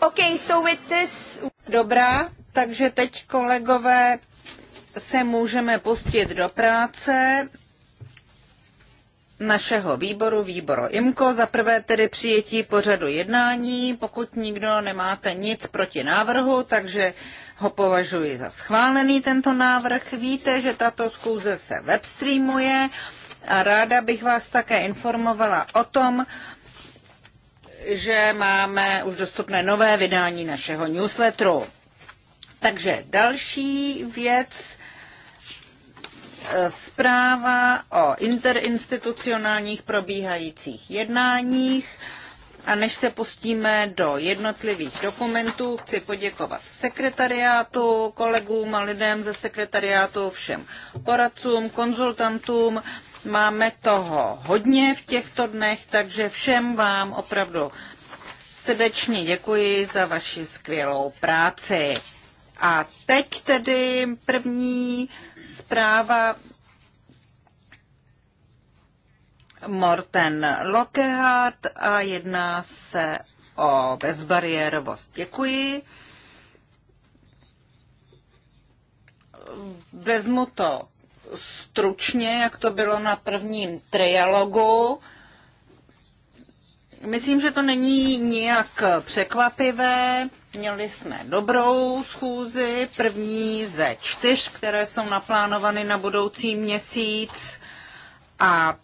Okay, so with this... Dobrá, takže teď kolegové se můžeme pustit do práce našeho výboru, výboru IMKO. Za prvé tedy přijetí pořadu jednání. Pokud nikdo nemáte nic proti návrhu, takže ho považuji za schválený tento návrh. Víte, že tato schůze se webstreamuje a ráda bych vás také informovala o tom, že máme už dostupné nové vydání našeho newsletteru. Takže další věc, eh, zpráva o interinstitucionálních probíhajících jednáních. A než se pustíme do jednotlivých dokumentů, chci poděkovat sekretariátu, kolegům a lidem ze sekretariátu, všem poradcům, konzultantům, Máme toho hodně v těchto dnech, takže všem vám opravdu srdečně děkuji za vaši skvělou práci. A teď tedy první zpráva Morten Lockehart a jedná se o bezbariérovost. Děkuji. Vezmu to stručně, jak to bylo na prvním trialogu. Myslím, že to není nijak překvapivé. Měli jsme dobrou schůzi, první ze čtyř, které jsou naplánovány na budoucí měsíc. A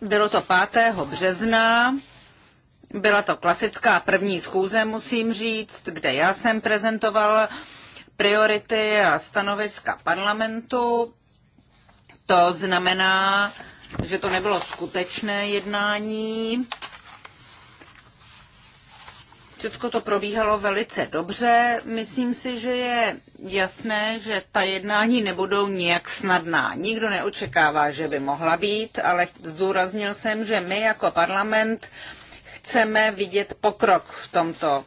bylo to 5. března. Byla to klasická první schůze, musím říct, kde já jsem prezentoval priority a stanoviska parlamentu. To znamená, že to nebylo skutečné jednání. Všechno to probíhalo velice dobře. Myslím si, že je jasné, že ta jednání nebudou nijak snadná. Nikdo neočekává, že by mohla být, ale zdůraznil jsem, že my jako parlament chceme vidět pokrok v tomto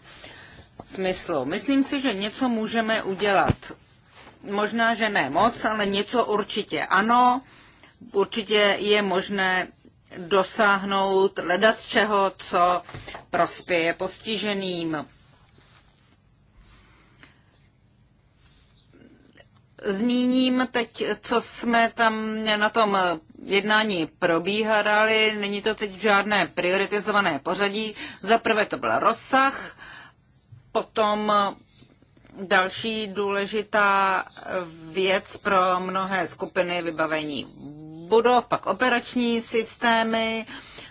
smyslu. Myslím si, že něco můžeme udělat možná, že ne moc, ale něco určitě ano. Určitě je možné dosáhnout ledat čeho, co prospěje postiženým. Zmíním teď, co jsme tam na tom jednání probíhali. Není to teď žádné prioritizované pořadí. Za prvé to byl rozsah, potom Další důležitá věc pro mnohé skupiny vybavení budov, pak operační systémy,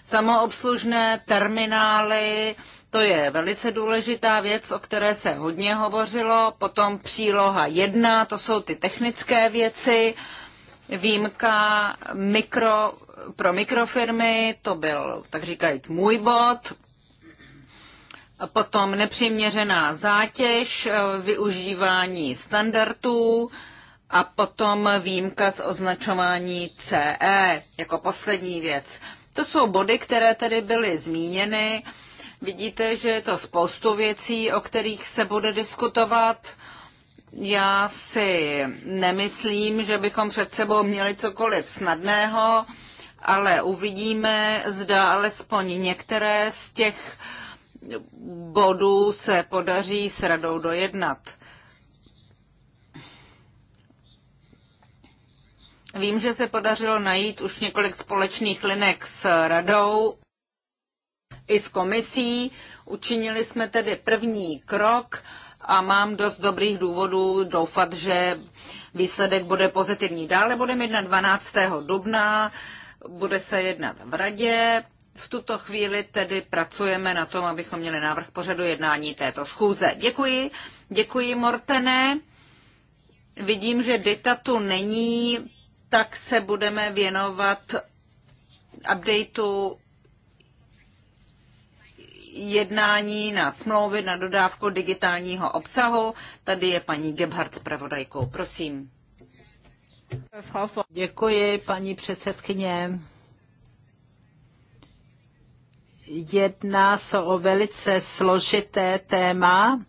samoobslužné terminály, to je velice důležitá věc, o které se hodně hovořilo. Potom příloha jedna, to jsou ty technické věci. Výjimka mikro, pro mikrofirmy, to byl, tak říkajíc, můj bod potom nepřiměřená zátěž, eh, využívání standardů a potom výjimka z označování CE jako poslední věc. To jsou body, které tady byly zmíněny. Vidíte, že je to spoustu věcí, o kterých se bude diskutovat. Já si nemyslím, že bychom před sebou měli cokoliv snadného, ale uvidíme, zda alespoň některé z těch uh, bodů se podaří s radou dojednat. Vím, že se podařilo najít už několik společných linek s radou i s komisí. Učinili jsme tedy první krok a mám dost dobrých důvodů doufat, že výsledek bude pozitivní. Dále budeme jednat 12. dubna, bude se jednat v radě, v tuto chvíli tedy pracujeme na tom, abychom měli návrh pořadu jednání této schůze. Děkuji, děkuji Mortene. Vidím, že Dita tu není, tak se budeme věnovat updateu jednání na smlouvy na dodávku digitálního obsahu. Tady je paní Gebhardt s pravodajkou. Prosím. Děkuji, paní předsedkyně jedná se o velice složité téma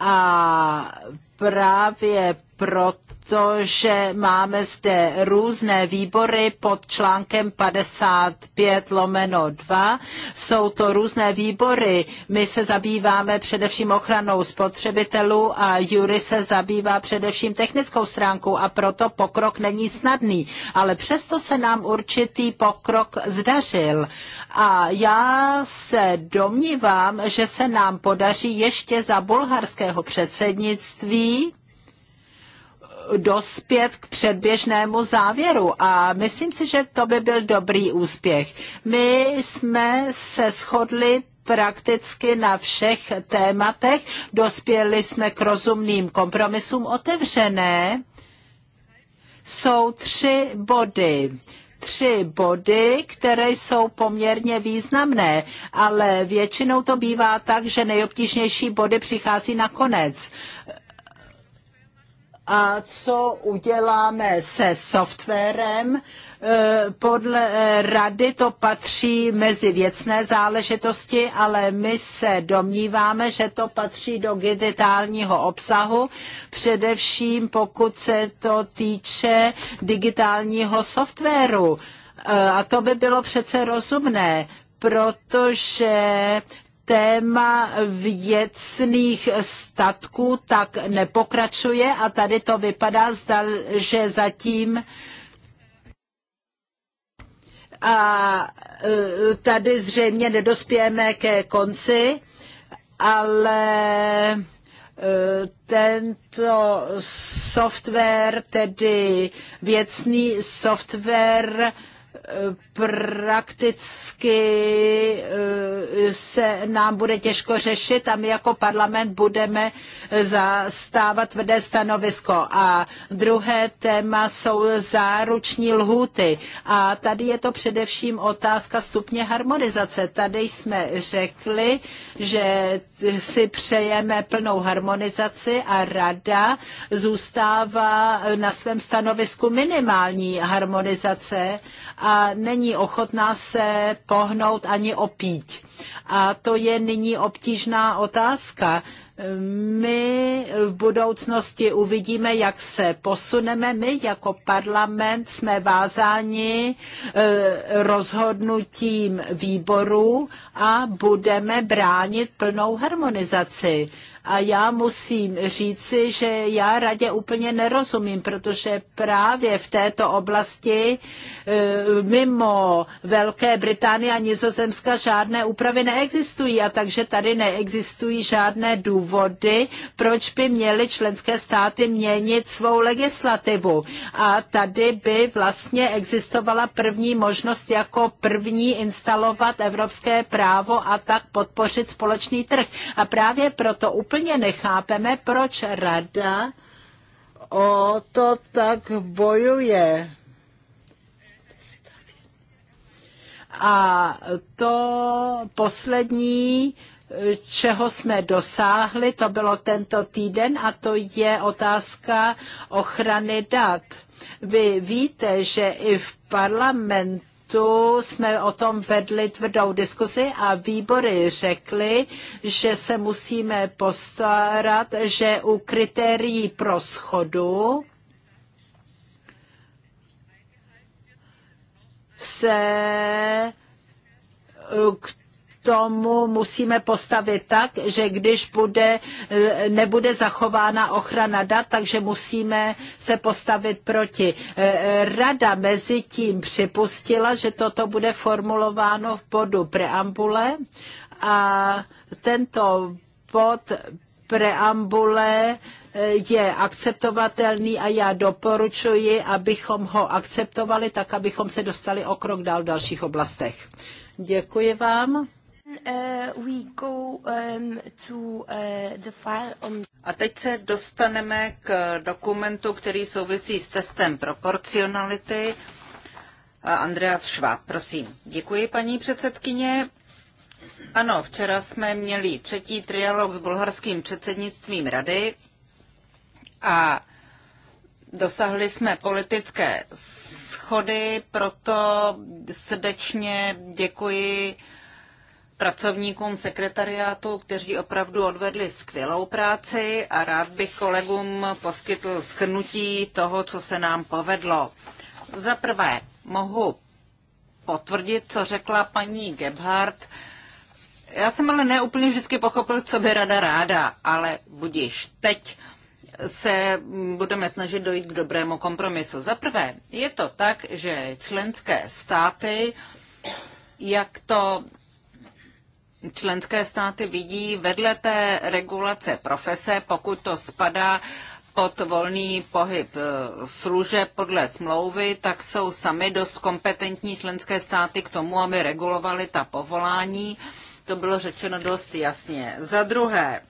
a právě proto, to, že máme zde různé výbory pod článkem 55 lomeno 2. Jsou to různé výbory. My se zabýváme především ochranou spotřebitelů a Jury se zabývá především technickou stránkou a proto pokrok není snadný. Ale přesto se nám určitý pokrok zdařil. A já se domnívám, že se nám podaří ještě za bulharského předsednictví dospět k předběžnému závěru a myslím si, že to by byl dobrý úspěch. My jsme se shodli prakticky na všech tématech, dospěli jsme k rozumným kompromisům otevřené. Jsou tři body tři body, které jsou poměrně významné, ale většinou to bývá tak, že nejobtížnější body přichází na konec a co uděláme se softwarem. E, podle rady to patří mezi věcné záležitosti, ale my se domníváme, že to patří do digitálního obsahu, především pokud se to týče digitálního softwaru. E, a to by bylo přece rozumné, protože téma věcných statků tak nepokračuje a tady to vypadá, že zatím a e, tady zřejmě nedospějeme ke konci, ale e, tento software, tedy věcný software, prakticky eh, se nám bude těžko řešit a my jako parlament budeme zastávat tvrdé stanovisko. A druhé téma jsou záruční lhuty. A tady je to především otázka stupně harmonizace. Tady jsme řekli, že si přejeme plnou harmonizaci a rada zůstává na svém stanovisku minimální harmonizace a není ochotná se pohnout ani opít. A to je nyní obtížná otázka. My v budoucnosti uvidíme, jak se posuneme. My jako parlament jsme vázáni eh, rozhodnutím výboru a budeme bránit plnou harmonizaci. A já musím říci, že já radě úplně nerozumím, protože právě v této oblasti e, mimo Velké Británie a Nizozemska žádné úpravy neexistují a takže tady neexistují žádné důvody, proč by měly členské státy měnit svou legislativu. A tady by vlastně existovala první možnost jako první instalovat evropské právo a tak podpořit společný trh. A právě proto úplně úplně nechápeme, proč rada o to tak bojuje. A to poslední, čeho jsme dosáhli, to bylo tento týden a to je otázka ochrany dat. Vy víte, že i v parlamentu tu jsme o tom vedli tvrdou diskuzi a výbory řekly, že se musíme postarat, že u kritérií pro schodu se k tomu musíme postavit tak, že když bude, e, nebude zachována ochrana dat, takže musíme se postavit proti. E, e, rada mezi tím připustila, že toto bude formulováno v bodu preambule a tento bod preambule je akceptovatelný a já doporučuji, abychom ho akceptovali tak, abychom se dostali o krok dál v dalších oblastech. Děkuji vám. Uh, um, uh, a teď se dostaneme k dokumentu, který souvisí s testem proporcionality. Andreas Schwab, prosím. Děkuji, paní předsedkyně. Ano, včera jsme měli třetí trialog s bulharským předsednictvím rady a dosáhli jsme politické schody, proto srdečně děkuji pracovníkům sekretariátu, kteří opravdu odvedli skvělou práci a rád bych kolegům poskytl schrnutí toho, co se nám povedlo. Za prvé, mohu potvrdit, co řekla paní Gebhardt. Já jsem ale neúplně vždycky pochopil, co by rada ráda, ale budíš teď se budeme snažit dojít k dobrému kompromisu. Za prvé, je to tak, že členské státy, jak to členské státy vidí vedle té regulace profese, pokud to spadá pod volný pohyb e, služeb podle smlouvy, tak jsou sami dost kompetentní členské státy k tomu, aby regulovali ta povolání. To bylo řečeno dost jasně. Za druhé,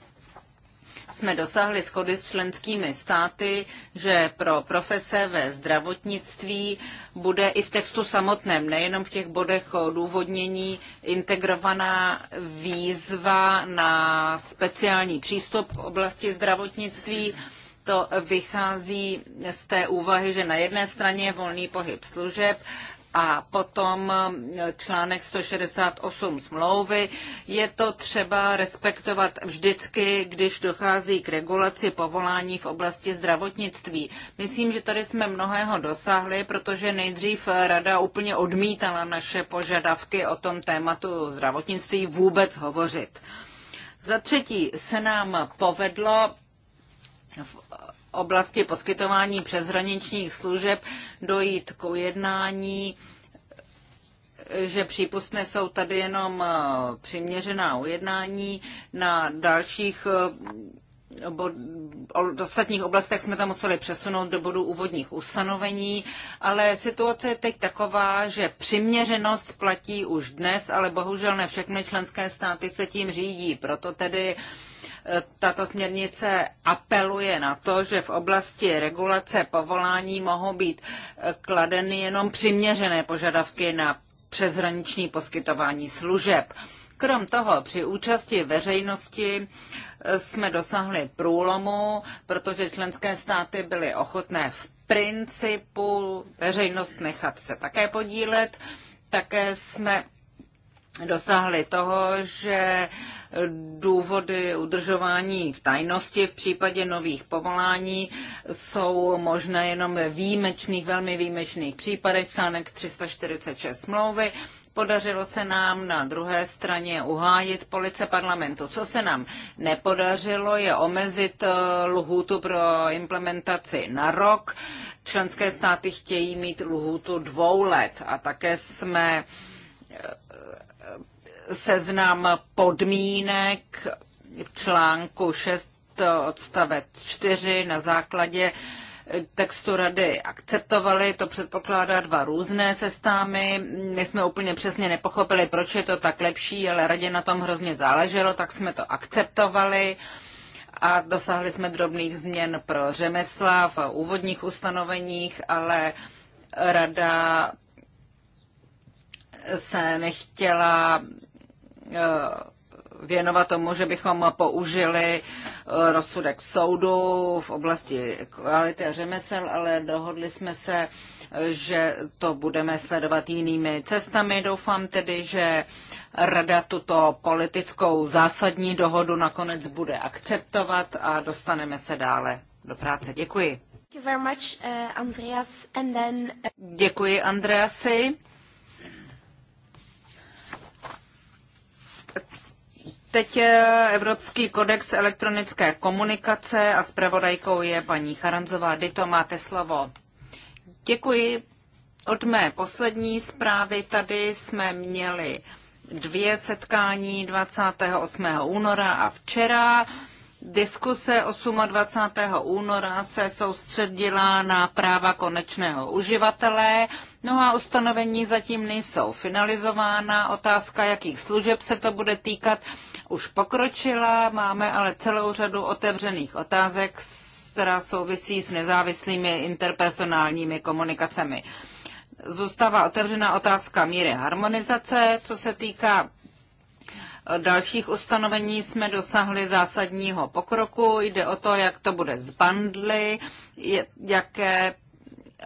jsme dosáhli schody s členskými státy, že pro profese ve zdravotnictví bude i v textu samotném, nejenom v těch bodech o důvodnění, integrovaná výzva na speciální přístup v oblasti zdravotnictví. To vychází z té úvahy, že na jedné straně je volný pohyb služeb, a potom eh, článek 168 smlouvy. Je to třeba respektovat vždycky, když dochází k regulaci povolání v oblasti zdravotnictví. Myslím, že tady jsme mnohého dosáhli, protože nejdřív rada úplně odmítala naše požadavky o tom tématu zdravotnictví vůbec hovořit. Za třetí se nám povedlo v oblasti poskytování přeshraničních služeb dojít k ujednání, že přípustné jsou tady jenom eh, přiměřená ujednání. Na dalších eh, bo, ostatních oblastech jsme tam museli přesunout do bodu úvodních ustanovení, ale situace je teď taková, že přiměřenost platí už dnes, ale bohužel ne všechny členské státy se tím řídí. Proto tedy uh, tato směrnice apeluje na to, že v oblasti regulace povolání mohou být eh, kladeny jenom přiměřené požadavky na přeshraniční poskytování služeb. Krom toho, při účasti veřejnosti eh, jsme dosáhli průlomu, protože členské státy byly ochotné v principu veřejnost nechat se také podílet. Také jsme dosáhli toho, že důvody udržování v tajnosti v případě nových povolání jsou možné jenom ve výjimečných, velmi výjimečných případech, článek 346 smlouvy. Podařilo se nám na druhé straně uhájit police parlamentu. Co se nám nepodařilo, je omezit eh, lhůtu pro implementaci na rok. Členské státy chtějí mít lhůtu dvou let a také jsme eh, seznam podmínek v článku 6 odstavec 4 na základě textu rady akceptovali, to předpokládá dva různé sestámy. My jsme úplně přesně nepochopili, proč je to tak lepší, ale radě na tom hrozně záleželo, tak jsme to akceptovali a dosáhli jsme drobných změn pro řemesla v úvodních ustanoveních, ale rada se nechtěla Eh, věnovat tomu, že bychom použili eh, rozsudek soudu v oblasti kvality a řemesel, ale dohodli jsme se, eh, že to budeme sledovat jinými cestami. Doufám tedy, že Rada tuto politickou zásadní dohodu nakonec bude akceptovat a dostaneme se dále do práce. Děkuji. Děkuji, Andreas. Andreasi. Teď eh, Evropský kodex elektronické komunikace a zpravodajkou je paní Charanzová. Dito, máte slovo. Děkuji. Od mé poslední zprávy tady jsme měli dvě setkání 28. února a včera. Diskuse 28. února se soustředila na práva konečného uživatele. No a ustanovení zatím nejsou finalizována. Otázka, jakých služeb se to bude týkat, už pokročila, máme ale celou řadu otevřených otázek, která souvisí s nezávislými interpersonálními komunikacemi. Zůstává otevřená otázka míry harmonizace, co se týká e, dalších ustanovení jsme dosahli zásadního pokroku. Jde o to, jak to bude z bandly, jaké,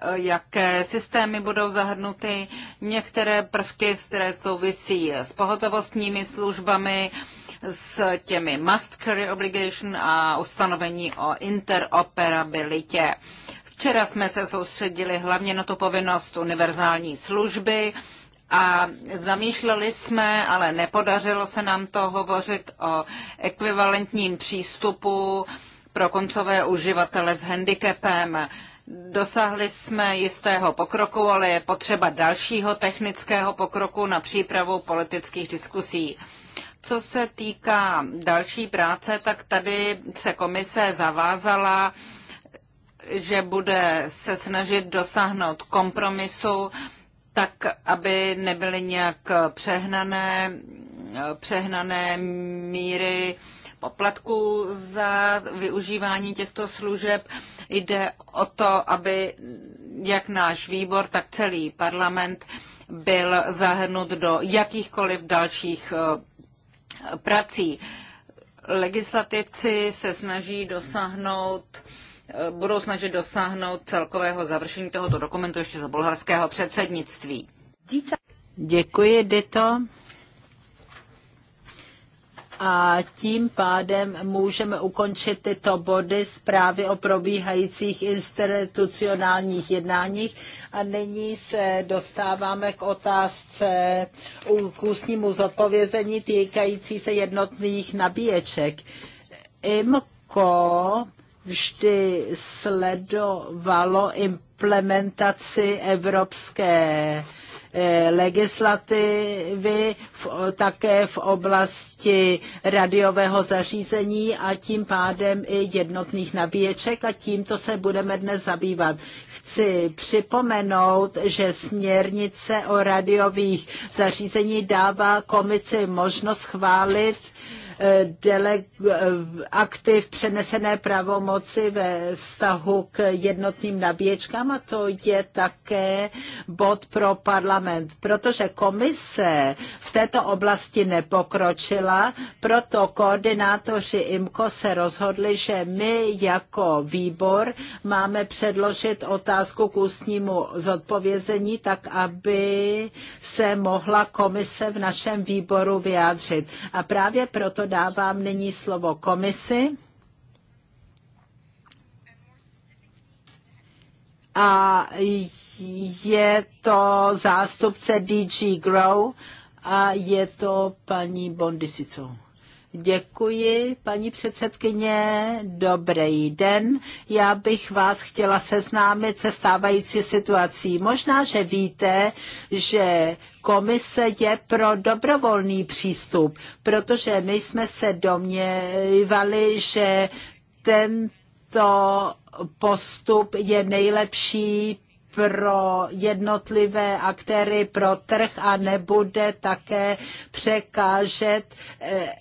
e, jaké systémy budou zahrnuty, některé prvky, které souvisí s pohotovostními službami, s těmi must carry obligation a ustanovení o interoperabilitě. Včera jsme se soustředili hlavně na tu povinnost univerzální služby a zamýšleli jsme, ale nepodařilo se nám to hovořit o ekvivalentním přístupu pro koncové uživatele s handicapem. Dosáhli jsme jistého pokroku, ale je potřeba dalšího technického pokroku na přípravu politických diskusí. Co se týká další práce, tak tady se komise zavázala, že bude se snažit dosáhnout kompromisu, tak aby nebyly nějak přehnané, přehnané míry poplatků za využívání těchto služeb. Jde o to, aby jak náš výbor, tak celý parlament byl zahrnut do jakýchkoliv dalších eh, prací. Legislativci se snaží dosáhnout budou snažit dosáhnout celkového završení tohoto dokumentu ještě za bulharského předsednictví. Děkuji, Dito a tím pádem můžeme ukončit tyto body zprávy o probíhajících institucionálních jednáních. A nyní se dostáváme k otázce k ústnímu zodpovězení týkající se jednotných nabíječek. IMCO vždy sledovalo implementaci evropské Eh, legislativy v, také v oblasti radiového zařízení a tím pádem i jednotných nabíječek a tímto se budeme dnes zabývat. Chci připomenout, že směrnice o radiových zařízení dává komici možnost schválit dele, aktiv přenesené pravomoci ve vztahu k jednotným nabíječkám a to je také bod pro parlament, protože komise v této oblasti nepokročila, proto koordinátoři IMCO se rozhodli, že my jako výbor máme předložit otázku k ústnímu zodpovězení, tak aby se mohla komise v našem výboru vyjádřit. A právě proto dávám nyní slovo komisi. A je to zástupce DG Grow a je to paní Bondisicová. Děkuji, paní předsedkyně. Dobrý den. Já bych vás chtěla seznámit se stávající situací. Možná, že víte, že komise je pro dobrovolný přístup, protože my jsme se domněvali, že tento postup je nejlepší pro jednotlivé aktéry, pro trh a nebude také překážet eh,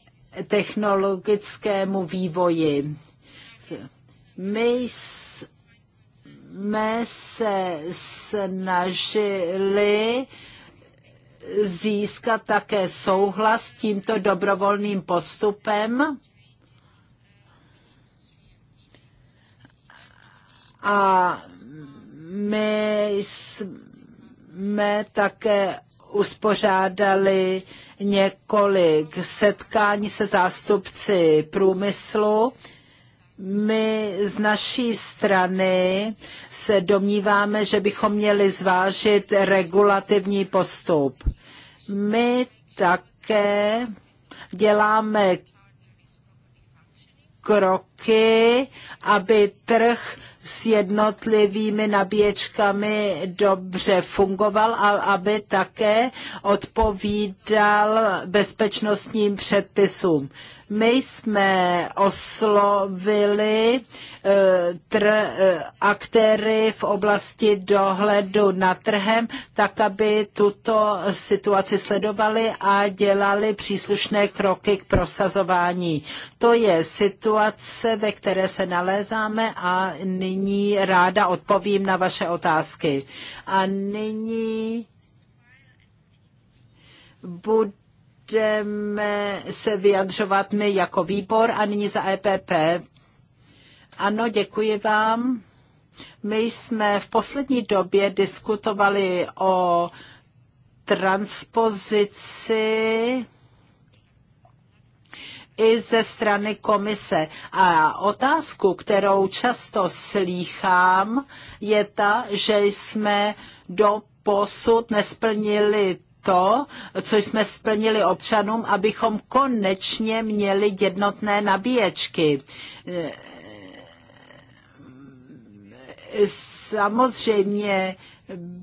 technologickému vývoji. My jsme se snažili získat také souhlas s tímto dobrovolným postupem. A my jsme také uspořádali několik setkání se zástupci průmyslu. My z naší strany se domníváme, že bychom měli zvážit regulativní postup. My také děláme krok roky, aby trh s jednotlivými nabíječkami dobře fungoval a aby také odpovídal bezpečnostním předpisům. My jsme oslovili eh, tr- eh, aktéry v oblasti dohledu na trhem, tak aby tuto situaci sledovali a dělali příslušné kroky k prosazování. To je situace, situace, ve které se nalézáme a nyní ráda odpovím na vaše otázky. A nyní budu budeme se vyjadřovat my jako výbor a nyní za EPP. Ano, děkuji vám. My jsme v poslední době diskutovali o transpozici i ze strany komise. A otázku, kterou často slýchám, je ta, že jsme do posud nesplnili to, co jsme splnili občanům, abychom konečně měli jednotné nabíječky e, samozřejmě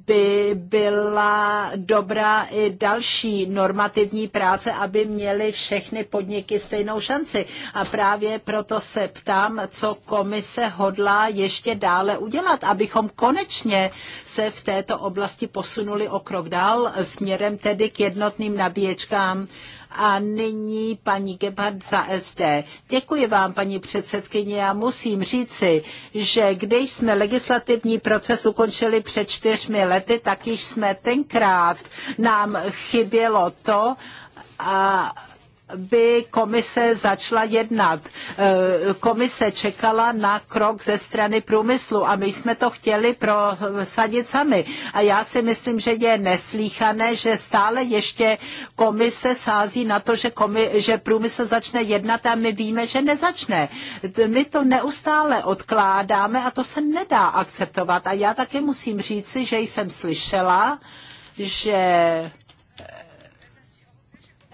by byla dobrá i další normativní práce, aby měly všechny podniky stejnou šanci. A právě proto se ptám, co komise hodlá ještě dále udělat, abychom konečně se v této oblasti posunuli o krok dál směrem tedy k jednotným nabíječkám a nyní paní Gebhardt za SD. Děkuji vám, paní předsedkyně. Já musím říci, že když jsme legislativní proces ukončili před čtyřmi lety, tak již jsme tenkrát nám chybělo to, a by komise začala jednat. E, komise čekala na krok ze strany průmyslu a my jsme to chtěli prosadit sami. A já si myslím, že je neslíchané, že stále ještě komise sází na to, že, komi- že průmysl začne jednat a my víme, že nezačne. My to neustále odkládáme a to se nedá akceptovat. A já také musím říci, že jsem slyšela, že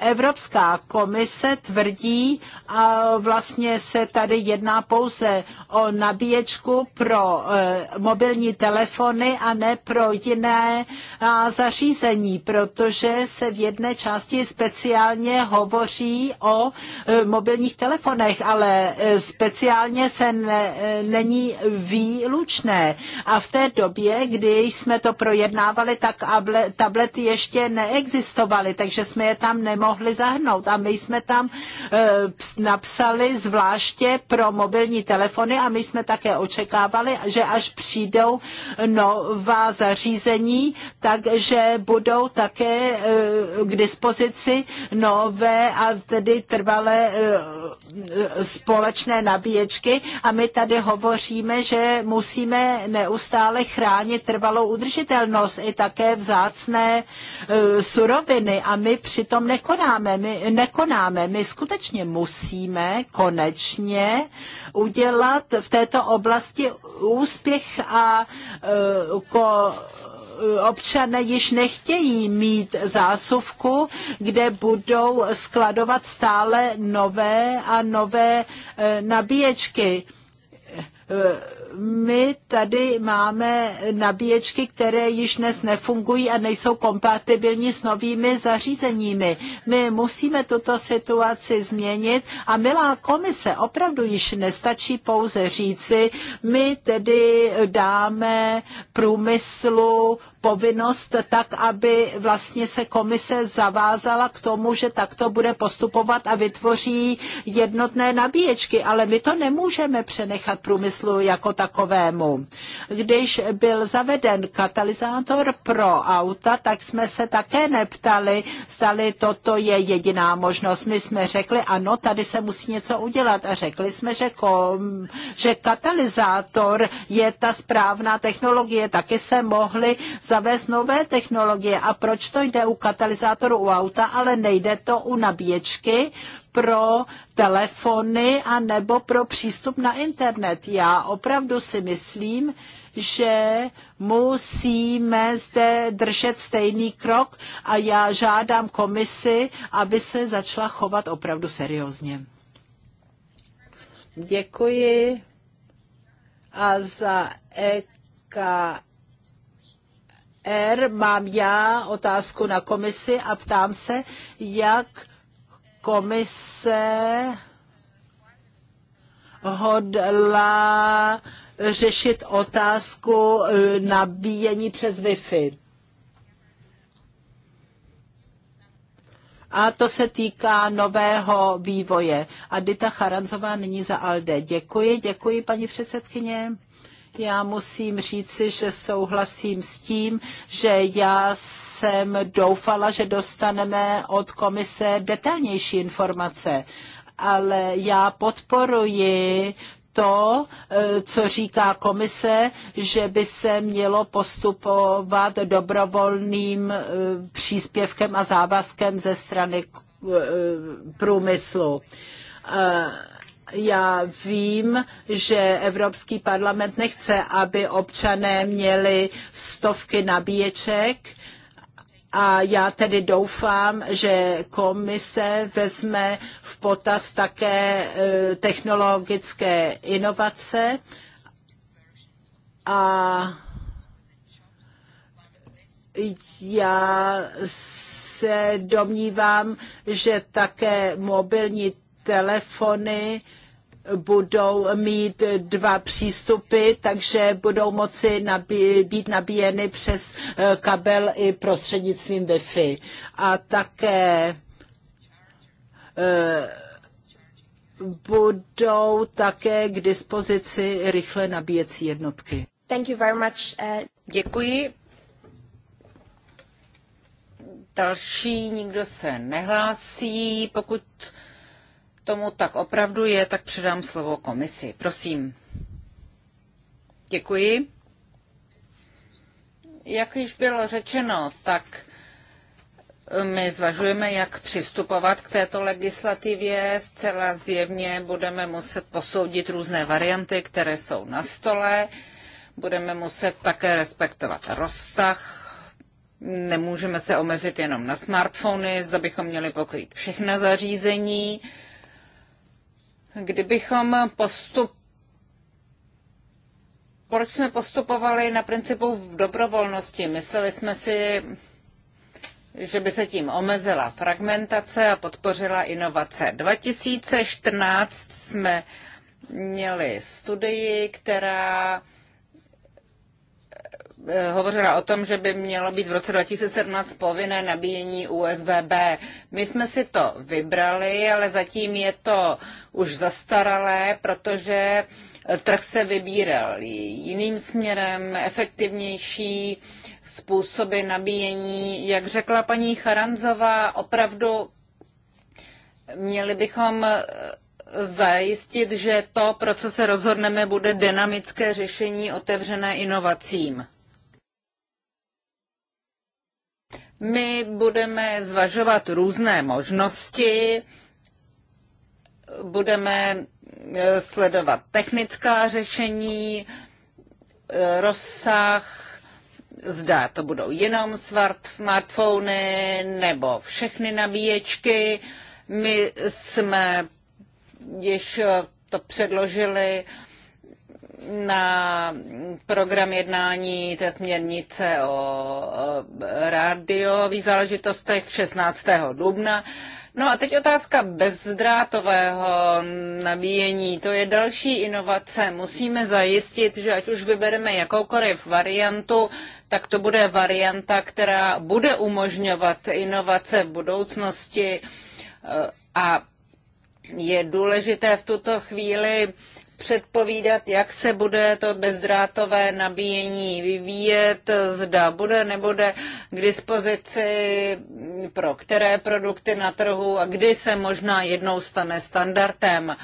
Evropská komise tvrdí, a vlastně se tady jedná pouze o nabíječku pro e, mobilní telefony a ne pro jiné zařízení, protože se v jedné části speciálně hovoří o e, mobilních telefonech, ale e, speciálně se ne, není výlučné. A v té době, kdy jsme to projednávali, tak tablety ještě neexistovaly, takže jsme je tam nemohli mohli zahrnout. A my jsme tam eh, napsali zvláště pro mobilní telefony a my jsme také očekávali, že až přijdou nová zařízení, takže budou také eh, k dispozici nové a tedy trvalé eh, společné nabíječky a my tady hovoříme, že musíme neustále chránit trvalou udržitelnost i také vzácné suroviny a my přitom nekonáme nekonáme, my nekonáme. My skutečně musíme konečně udělat v této oblasti úspěch a uh, ko, eh, občané již nechtějí mít zásuvku, kde budou skladovat stále nové a nové eh, nabíječky my tady máme nabíječky, které již dnes nefungují a nejsou kompatibilní s novými zařízeními. My musíme tuto situaci změnit a milá komise, opravdu již nestačí pouze říci, my tedy dáme průmyslu povinnost tak, aby vlastně se komise zavázala k tomu, že takto bude postupovat a vytvoří jednotné nabíječky, ale my to nemůžeme přenechat průmyslu jako tak takovému. Když byl zaveden katalyzátor pro auta, tak jsme se také neptali, zdali toto je jediná možnost. My jsme řekli, ano, tady se musí něco udělat. A řekli jsme, že, kom, že katalyzátor je ta správná technologie. Taky se mohly zavést nové technologie. A proč to jde u katalyzátoru u auta, ale nejde to u nabíječky? pro telefony a nebo pro přístup na internet. Já opravdu si myslím, že musíme zde držet stejný krok a já žádám komisi, aby se začala chovat opravdu seriózně. Děkuji a za e R mám já otázku na komisi a ptám se, jak komise hodla řešit otázku eh, nabíjení přes Wi-Fi. A to se týká nového vývoje. A Dita Charanzová nyní za ALDE. Děkuji, děkuji paní předsedkyně. Já musím říci, že souhlasím s tím, že já jsem doufala, že dostaneme od komise detailnější informace, ale já podporuji to, eh, co říká komise, že by se mělo postupovat dobrovolným eh, příspěvkem a závazkem ze strany eh, průmyslu. Já vím, že Evropský parlament nechce, aby občané měli stovky nabíječek, a já tedy doufám, že komise vezme v potaz také e, technologické inovace a já se domnívám, že také mobilní telefony budou mít dva přístupy, takže budou moci nabí, být nabíjeny přes eh, kabel i prostřednictvím Wi-Fi. A také eh, budou také k dispozici rychle nabíjecí jednotky. Thank you very much. Eh. Děkuji. Další nikdo se nehlásí. Pokud tomu tak opravdu je, tak předám slovo komisi. Prosím. Děkuji. Jak již bylo řečeno, tak eh, my zvažujeme, jak přistupovat k této legislativě. Zcela zjevně budeme muset posoudit různé varianty, které jsou na stole. Budeme muset také respektovat rozsah. Nemůžeme se omezit jenom na smartfony, zda bychom měli pokrýt všechna zařízení. Uh, Kdybychom postup proč jsme postupovali na principu v dobrovolnosti? Mysleli jsme si, že by se tím omezila fragmentace a podpořila inovace. 2014 jsme měli studii, která Eh, hovořila o tom, že by mělo být v roce 2017 povinné nabíjení USBB. My jsme si to vybrali, ale zatím je to už zastaralé, protože eh, trh se vybíral jiným směrem, efektivnější způsoby nabíjení. Jak řekla paní Charanzová, opravdu měli bychom eh, zajistit, že to, pro co se rozhodneme, bude dynamické řešení otevřené inovacím. My budeme zvažovat různé možnosti, budeme e, sledovat technická řešení, e, rozsah, zda to budou jenom smartfony nebo všechny nabíječky. My jsme již e, to předložili uh, na program jednání té směrnice o rádiových záležitostech 16. dubna. No a teď otázka bezdrátového nabíjení. To je další inovace. Musíme zajistit, že ať už vybereme jakoukoliv variantu, tak to bude varianta, která bude umožňovat inovace v budoucnosti. E, a je důležité v tuto chvíli předpovídat, jak se bude to bezdrátové nabíjení vyvíjet, zda bude, nebude k dispozici pro které produkty na trhu a kdy se možná jednou stane standardem.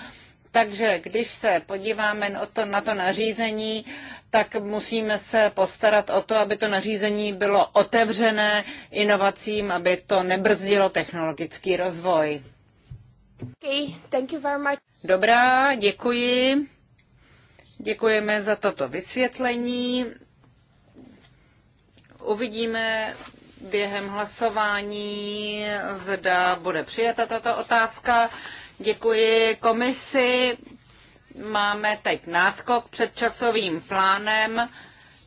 Takže když se podíváme o to, na to nařízení, tak musíme se postarat o to, aby to nařízení bylo otevřené inovacím, aby to nebrzdilo technologický rozvoj. Okay, thank you very much. Dobrá, děkuji. Děkujeme za toto vysvětlení. Uvidíme během hlasování, zda bude přijata tato otázka. Děkuji komisi. Máme teď náskok před časovým plánem.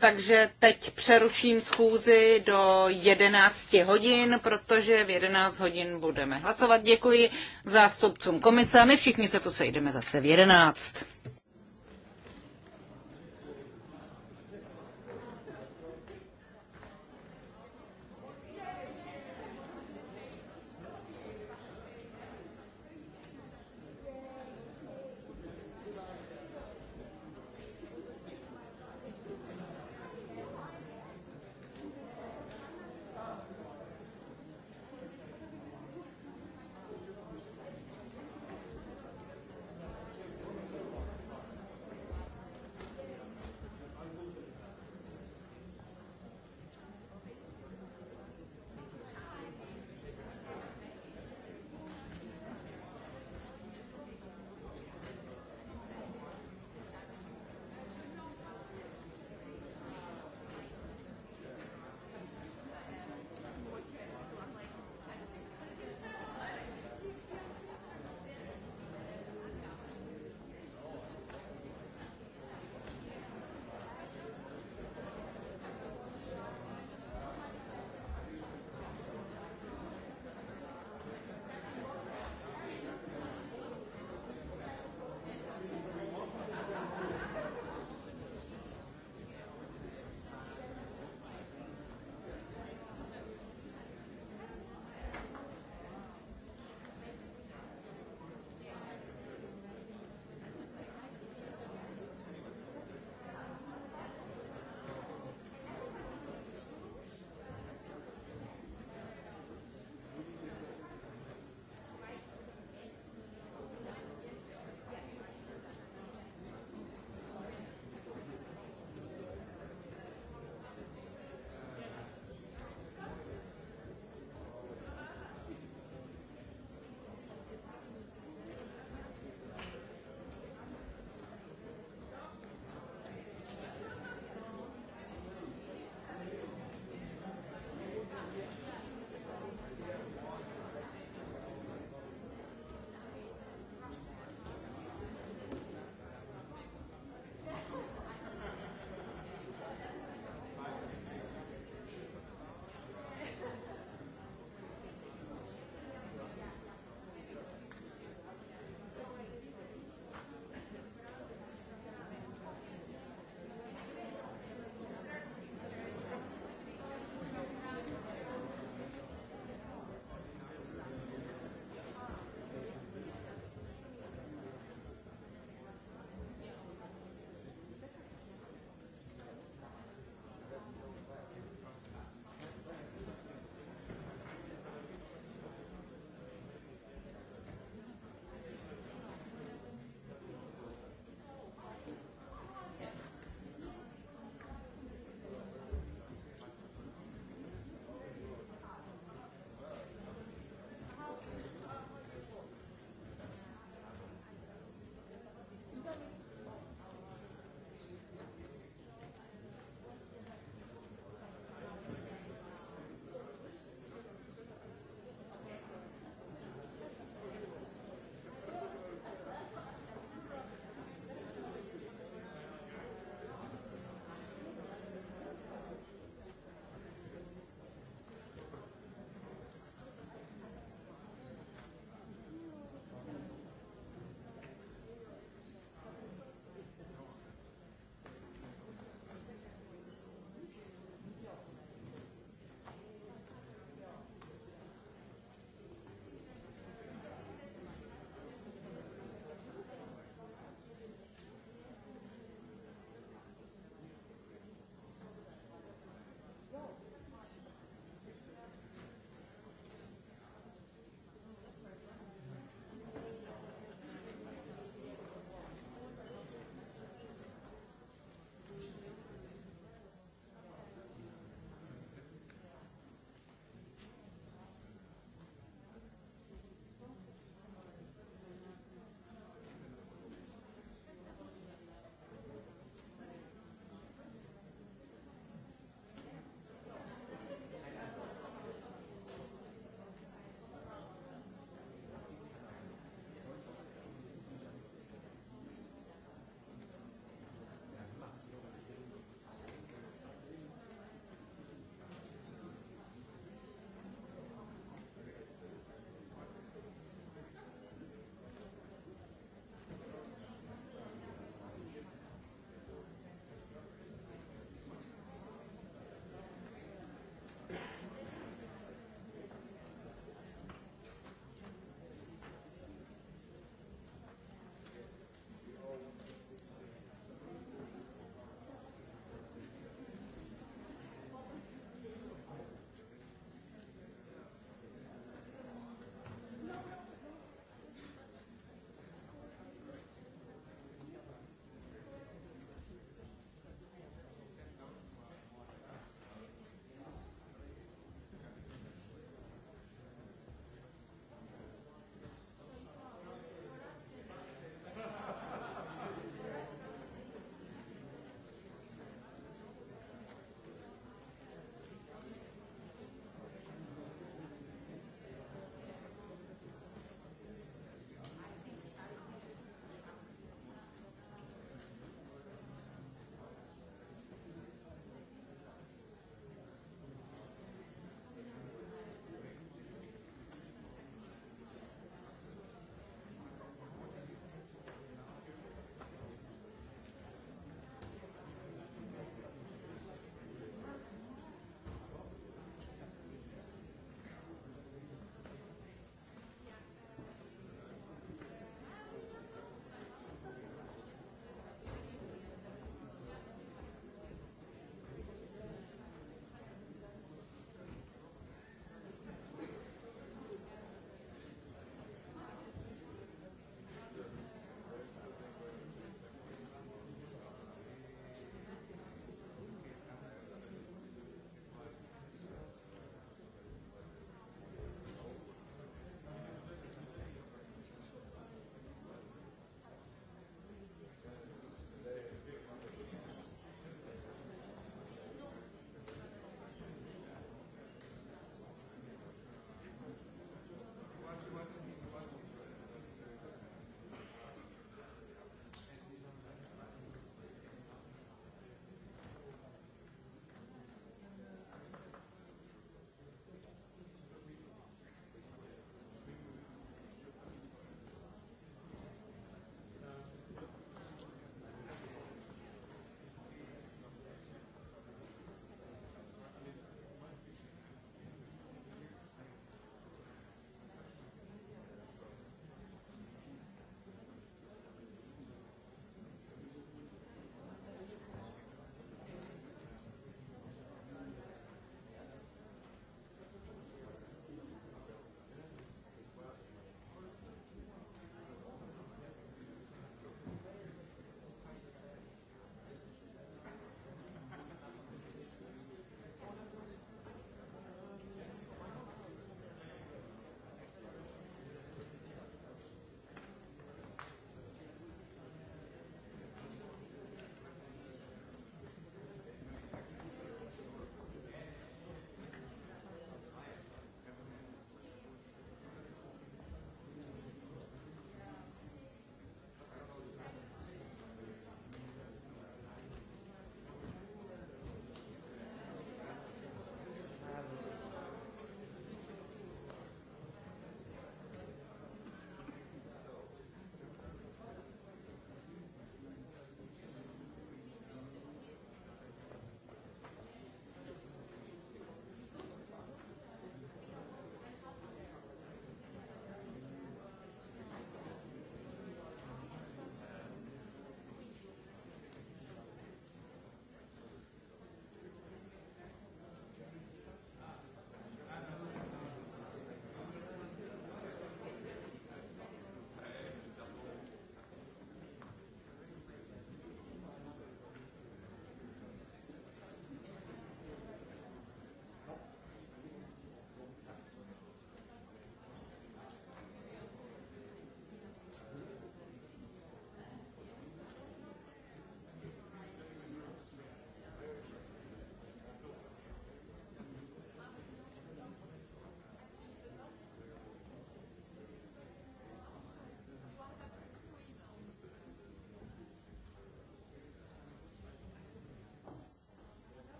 Takže teď přeruším schůzi do 11 hodin, protože v 11 hodin budeme hlasovat. Děkuji zástupcům komise. My všichni se tu sejdeme zase v 11.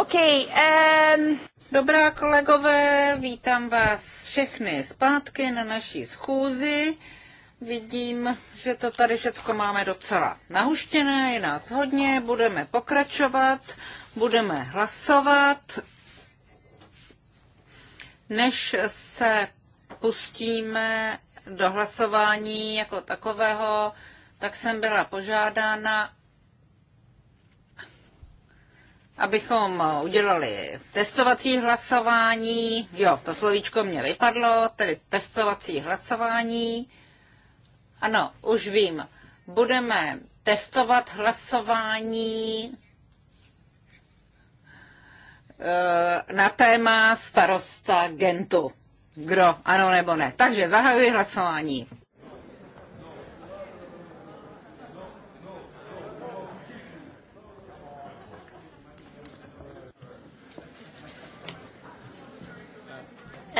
Okay, um... Dobrá kolegové, vítám vás všechny zpátky na naší schůzi. Vidím, že to tady všecko máme docela nahuštěné, je nás hodně, budeme pokračovat, budeme hlasovat. Než se pustíme do hlasování jako takového, tak jsem byla požádána, abychom udělali testovací hlasování. Jo, to slovíčko mě vypadlo, tedy testovací hlasování. Ano, už vím. Budeme testovat hlasování eh, na téma starosta Gentu. Kdo ano nebo ne. Takže zahajuji hlasování.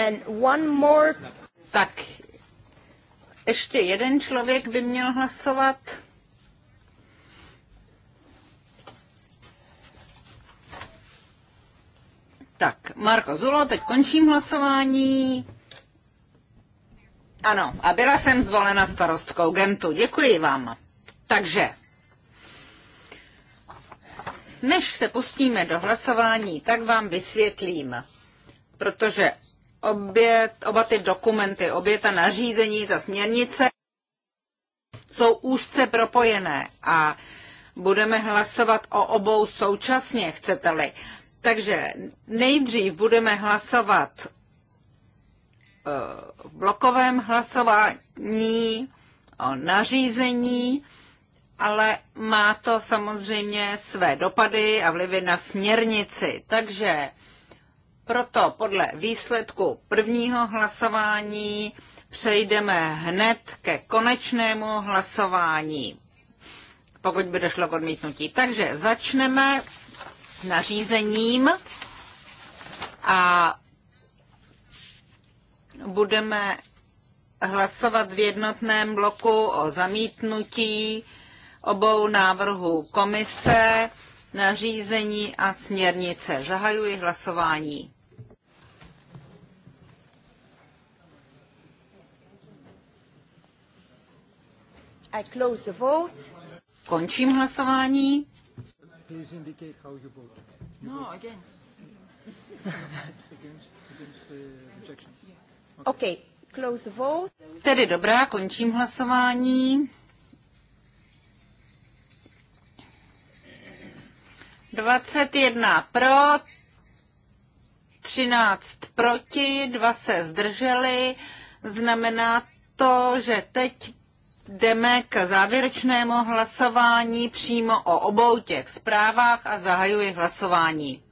And one more... Tak, ještě jeden člověk by měl hlasovat. Tak, Marko Zulo, teď končím hlasování. Ano, a byla jsem zvolena starostkou Gentu. Děkuji vám. Takže, než se pustíme do hlasování, tak vám vysvětlím, protože obě, oba ty dokumenty, obě ta nařízení, ta směrnice jsou úzce propojené a budeme hlasovat o obou současně, chcete-li. Takže nejdřív budeme hlasovat eh, v blokovém hlasování o nařízení, ale má to samozřejmě své dopady a vlivy na směrnici. Takže proto podle výsledku prvního hlasování přejdeme hned ke konečnému hlasování, pokud by došlo k odmítnutí. Takže začneme nařízením a budeme hlasovat v jednotném bloku o zamítnutí obou návrhů komise, nařízení a směrnice. Zahajuji hlasování. I close the vote. Končím hlasování. Please indicate how you vote. You no, vote. against. against, against the rejection. Yes. Okay. Close vote. Tedy dobrá, končím hlasování. 21 pro, 13 proti, dva se zdrželi. Znamená to, že teď jdeme k závěrečnému hlasování přímo o obou těch zprávách a zahajuji hlasování.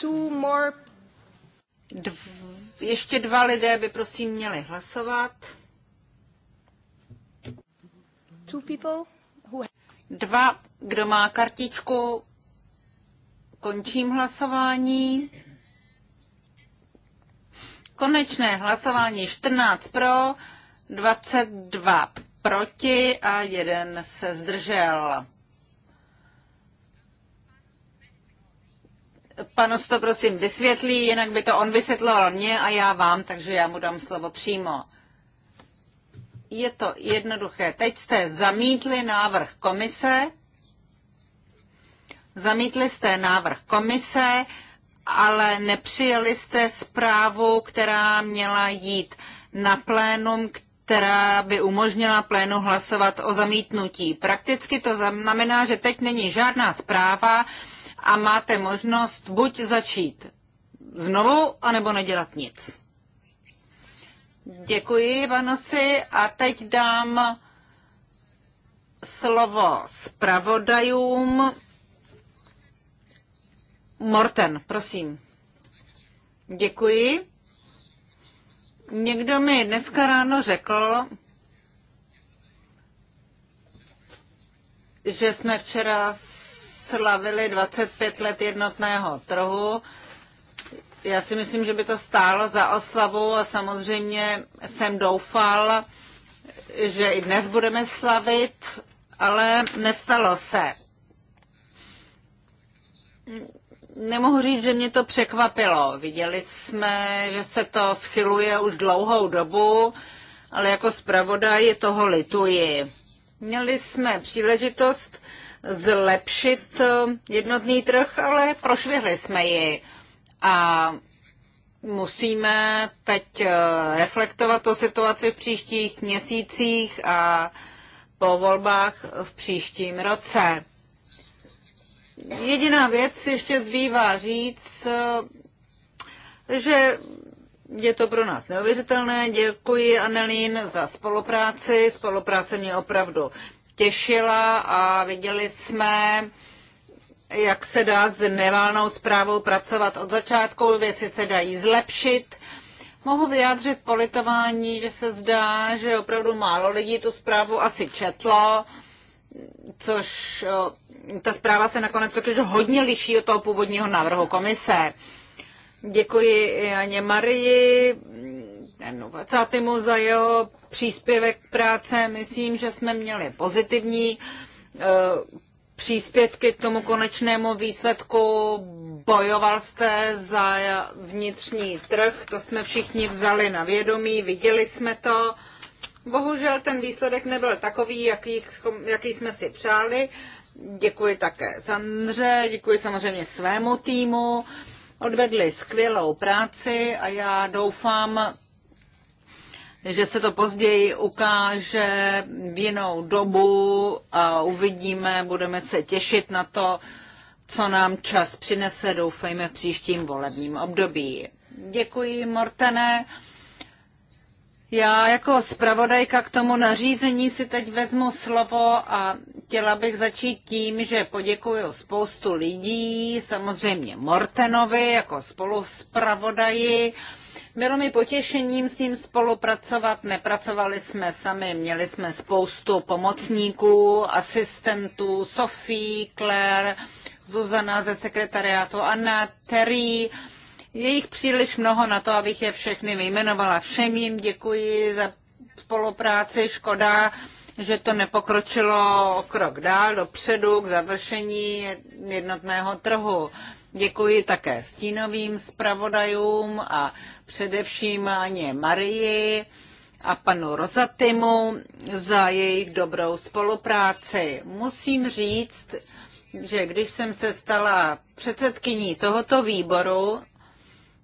Two more. Dv- ještě dva lidé by prosím měli hlasovat. Two people who... Dva, kdo má kartičku, Končím hlasování. Konečné hlasování 14 pro, 22 proti a jeden se zdržel. Panu to prosím vysvětlí, jinak by to on vysvětloval mě a já vám, takže já mu dám slovo přímo. Je to jednoduché. Teď jste zamítli návrh komise, Zamítli jste návrh komise, ale nepřijeli jste zprávu, která měla jít na plénum, která by umožnila plénu hlasovat o zamítnutí. Prakticky to znamená, že teď není žádná zpráva a máte možnost buď začít znovu, anebo nedělat nic. Děkuji, Vanosi, a teď dám slovo zpravodajům Morten, prosím. Děkuji. Někdo mi dneska ráno řekl, že jsme včera slavili 25 let jednotného trhu. Já si myslím, že by to stálo za oslavu a samozřejmě jsem doufal, že i dnes budeme slavit, ale nestalo se nemohu říct, že mě to překvapilo. Viděli jsme, že se to schyluje už dlouhou dobu, ale jako zpravodaj toho lituji. Měli jsme příležitost zlepšit eh, jednotný trh, ale prošvihli jsme ji. A musíme teď eh, reflektovat tu situaci v příštích měsících a po volbách v příštím roce. Jediná věc ještě zbývá říct, že je to pro nás neuvěřitelné. Děkuji Anelín za spolupráci. Spolupráce mě opravdu těšila a viděli jsme, jak se dá s neválnou zprávou pracovat od začátku, věci se dají zlepšit. Mohu vyjádřit politování, že se zdá, že opravdu málo lidí tu zprávu asi četlo což ta zpráva se nakonec totiž hodně liší od toho původního návrhu komise. Děkuji Janě Marii, 20. za jeho příspěvek k práce. Myslím, že jsme měli pozitivní příspěvky k tomu konečnému výsledku. Bojoval jste za vnitřní trh, to jsme všichni vzali na vědomí, viděli jsme to. Bohužel ten výsledek nebyl takový, jaký, jaký jsme si přáli. Děkuji také Sandře, děkuji samozřejmě svému týmu. Odvedli skvělou práci a já doufám, že se to později ukáže v jinou dobu a uvidíme, budeme se těšit na to, co nám čas přinese, doufejme v příštím volebním období. Děkuji, Mortene. Já jako zpravodajka k tomu nařízení si teď vezmu slovo a chtěla bych začít tím, že poděkuji spoustu lidí, samozřejmě Mortenovi jako zpravodaji. Bylo mi potěšením s ním spolupracovat, nepracovali jsme sami, měli jsme spoustu pomocníků, asistentů, Sophie, Claire, Zuzana ze sekretariátu, Anna, Terry, je jich příliš mnoho na to, abych je všechny vyjmenovala. Všem jim děkuji za spolupráci, škoda, že to nepokročilo o krok dál, dopředu, k završení jednotného trhu. Děkuji také stínovým zpravodajům a především Aně Marii a panu Rozatimu za jejich dobrou spolupráci. Musím říct, že když jsem se stala předsedkyní tohoto výboru,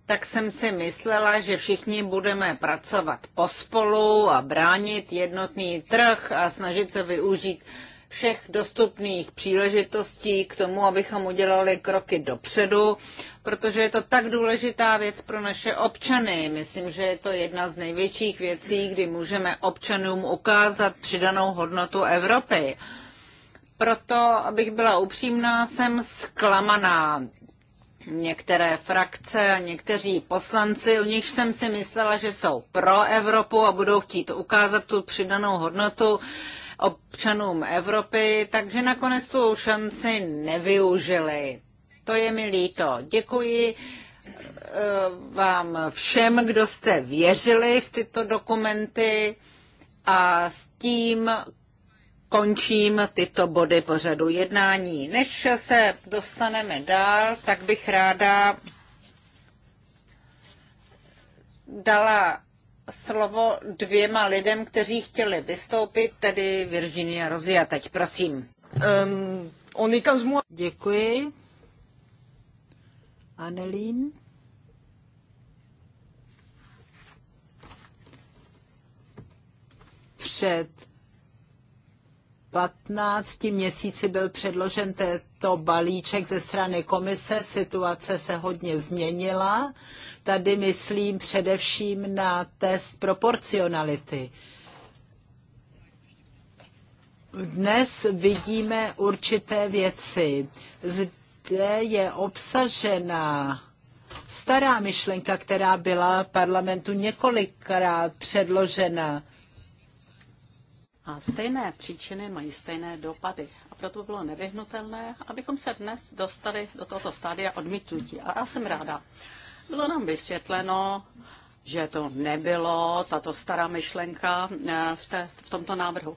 tak jsem si myslela, že všichni budeme pracovat pospolu a bránit jednotný trh a snažit se využít všech dostupných příležitostí k tomu, abychom udělali kroky dopředu, protože je to tak důležitá věc pro naše občany. Myslím, že je to jedna z největších věcí, kdy můžeme občanům ukázat přidanou hodnotu Evropy. Proto, abych byla upřímná, jsem zklamaná některé frakce a někteří poslanci, u nich jsem si myslela, že jsou pro Evropu a budou chtít ukázat tu přidanou hodnotu občanům Evropy, takže nakonec tu šanci nevyužili. To je mi líto. Děkuji eh, vám všem, kdo jste věřili v tyto dokumenty a s tím končím tyto body pořadu jednání. Než se dostaneme dál, tak bych ráda dala slovo dvěma lidem, kteří chtěli vystoupit, tedy Virginia Rozia. Teď prosím. Um, Děkuji. Anelín. Před 15 měsíci byl předložen tento balíček ze strany komise. Situace se hodně změnila. Tady myslím především na test proporcionality. Dnes vidíme určité věci. Zde je obsažena stará myšlenka, která byla parlamentu několikrát předložena a stejné příčiny mají stejné dopady. A proto bylo nevyhnutelné, abychom se dnes dostali do tohoto stádia odmítnutí. A já jsem ráda. Bylo nám vysvětleno, že to nebylo, tato stará myšlenka eh, v, té, v tomto návrhu.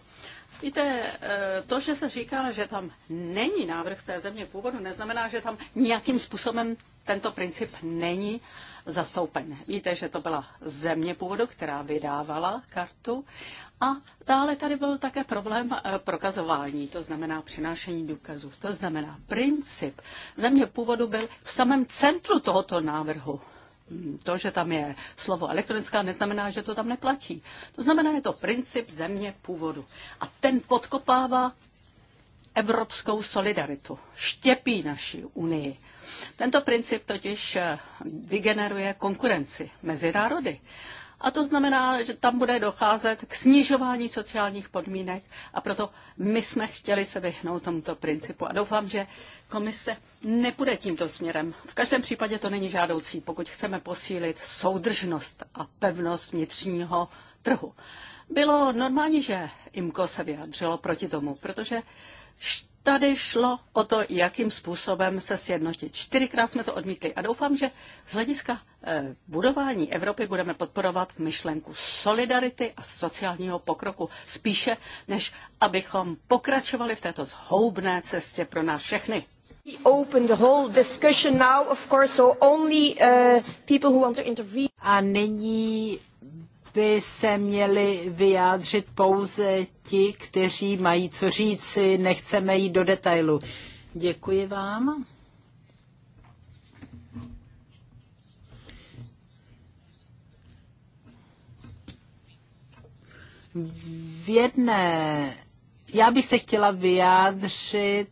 Víte, eh, to, že se říká, že tam není návrh té země původu, neznamená, že tam nějakým způsobem tento princip není zastoupen. Víte, že to byla země původu, která vydávala kartu a dále tady byl také problém eh, prokazování, to znamená přinášení důkazů. To znamená princip země původu byl v samém centru tohoto návrhu. Hmm, to, že tam je slovo elektronická, neznamená, že to tam neplatí. To znamená, je to princip země původu. A ten podkopává evropskou solidaritu. Štěpí naši unii. Tento princip totiž eh, vygeneruje konkurenci mezi národy. A to znamená, že tam bude docházet k snižování sociálních podmínek a proto my jsme chtěli se vyhnout tomuto principu. A doufám, že komise nepůjde tímto směrem. V každém případě to není žádoucí, pokud chceme posílit soudržnost a pevnost vnitřního trhu bylo normální, že IMKO se vyjadřilo proti tomu, protože tady šlo o to, jakým způsobem se sjednotit. Čtyřikrát jsme to odmítli a doufám, že z hlediska eh, budování Evropy budeme podporovat myšlenku solidarity a sociálního pokroku spíše, než abychom pokračovali v této zhoubné cestě pro nás všechny. Eh, a nyní by se měli vyjádřit pouze ti, kteří mají co říci, nechceme jít do detailu. Děkuji vám. V jedné, já bych se chtěla vyjádřit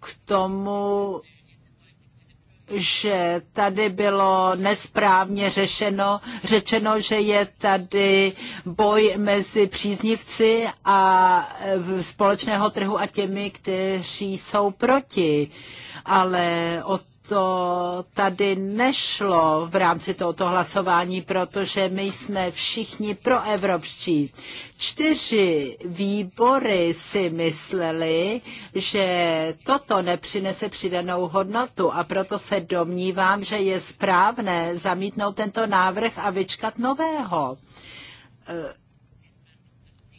k tomu, že tady bylo nesprávně řešeno, řečeno, že je tady boj mezi příznivci a e, společného trhu a těmi, kteří jsou proti. Ale o to tady nešlo v rámci tohoto hlasování, protože my jsme všichni proevropští. Čtyři výbory si mysleli, že toto nepřinese přidanou hodnotu a proto se domnívám, že je správné zamítnout tento návrh a vyčkat nového.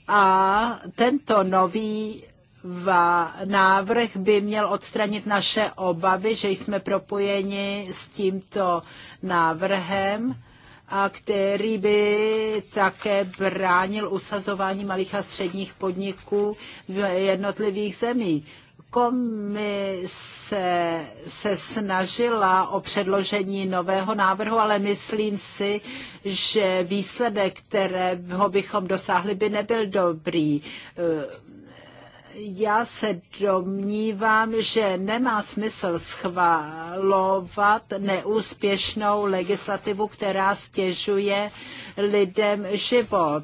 A tento nový návrh by měl odstranit naše obavy, že jsme propojeni s tímto návrhem, a který by také bránil usazování malých a středních podniků v jednotlivých zemích komise se snažila o předložení nového návrhu, ale myslím si, že výsledek, kterého bychom dosáhli, by nebyl dobrý já se domnívám, že nemá smysl schválovat neúspěšnou legislativu, která stěžuje lidem život.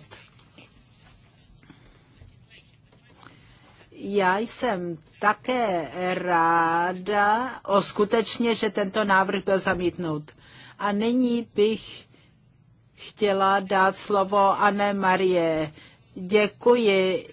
Já jsem také ráda o skutečně, že tento návrh byl zamítnut. A nyní bych chtěla dát slovo Anne Marie. Děkuji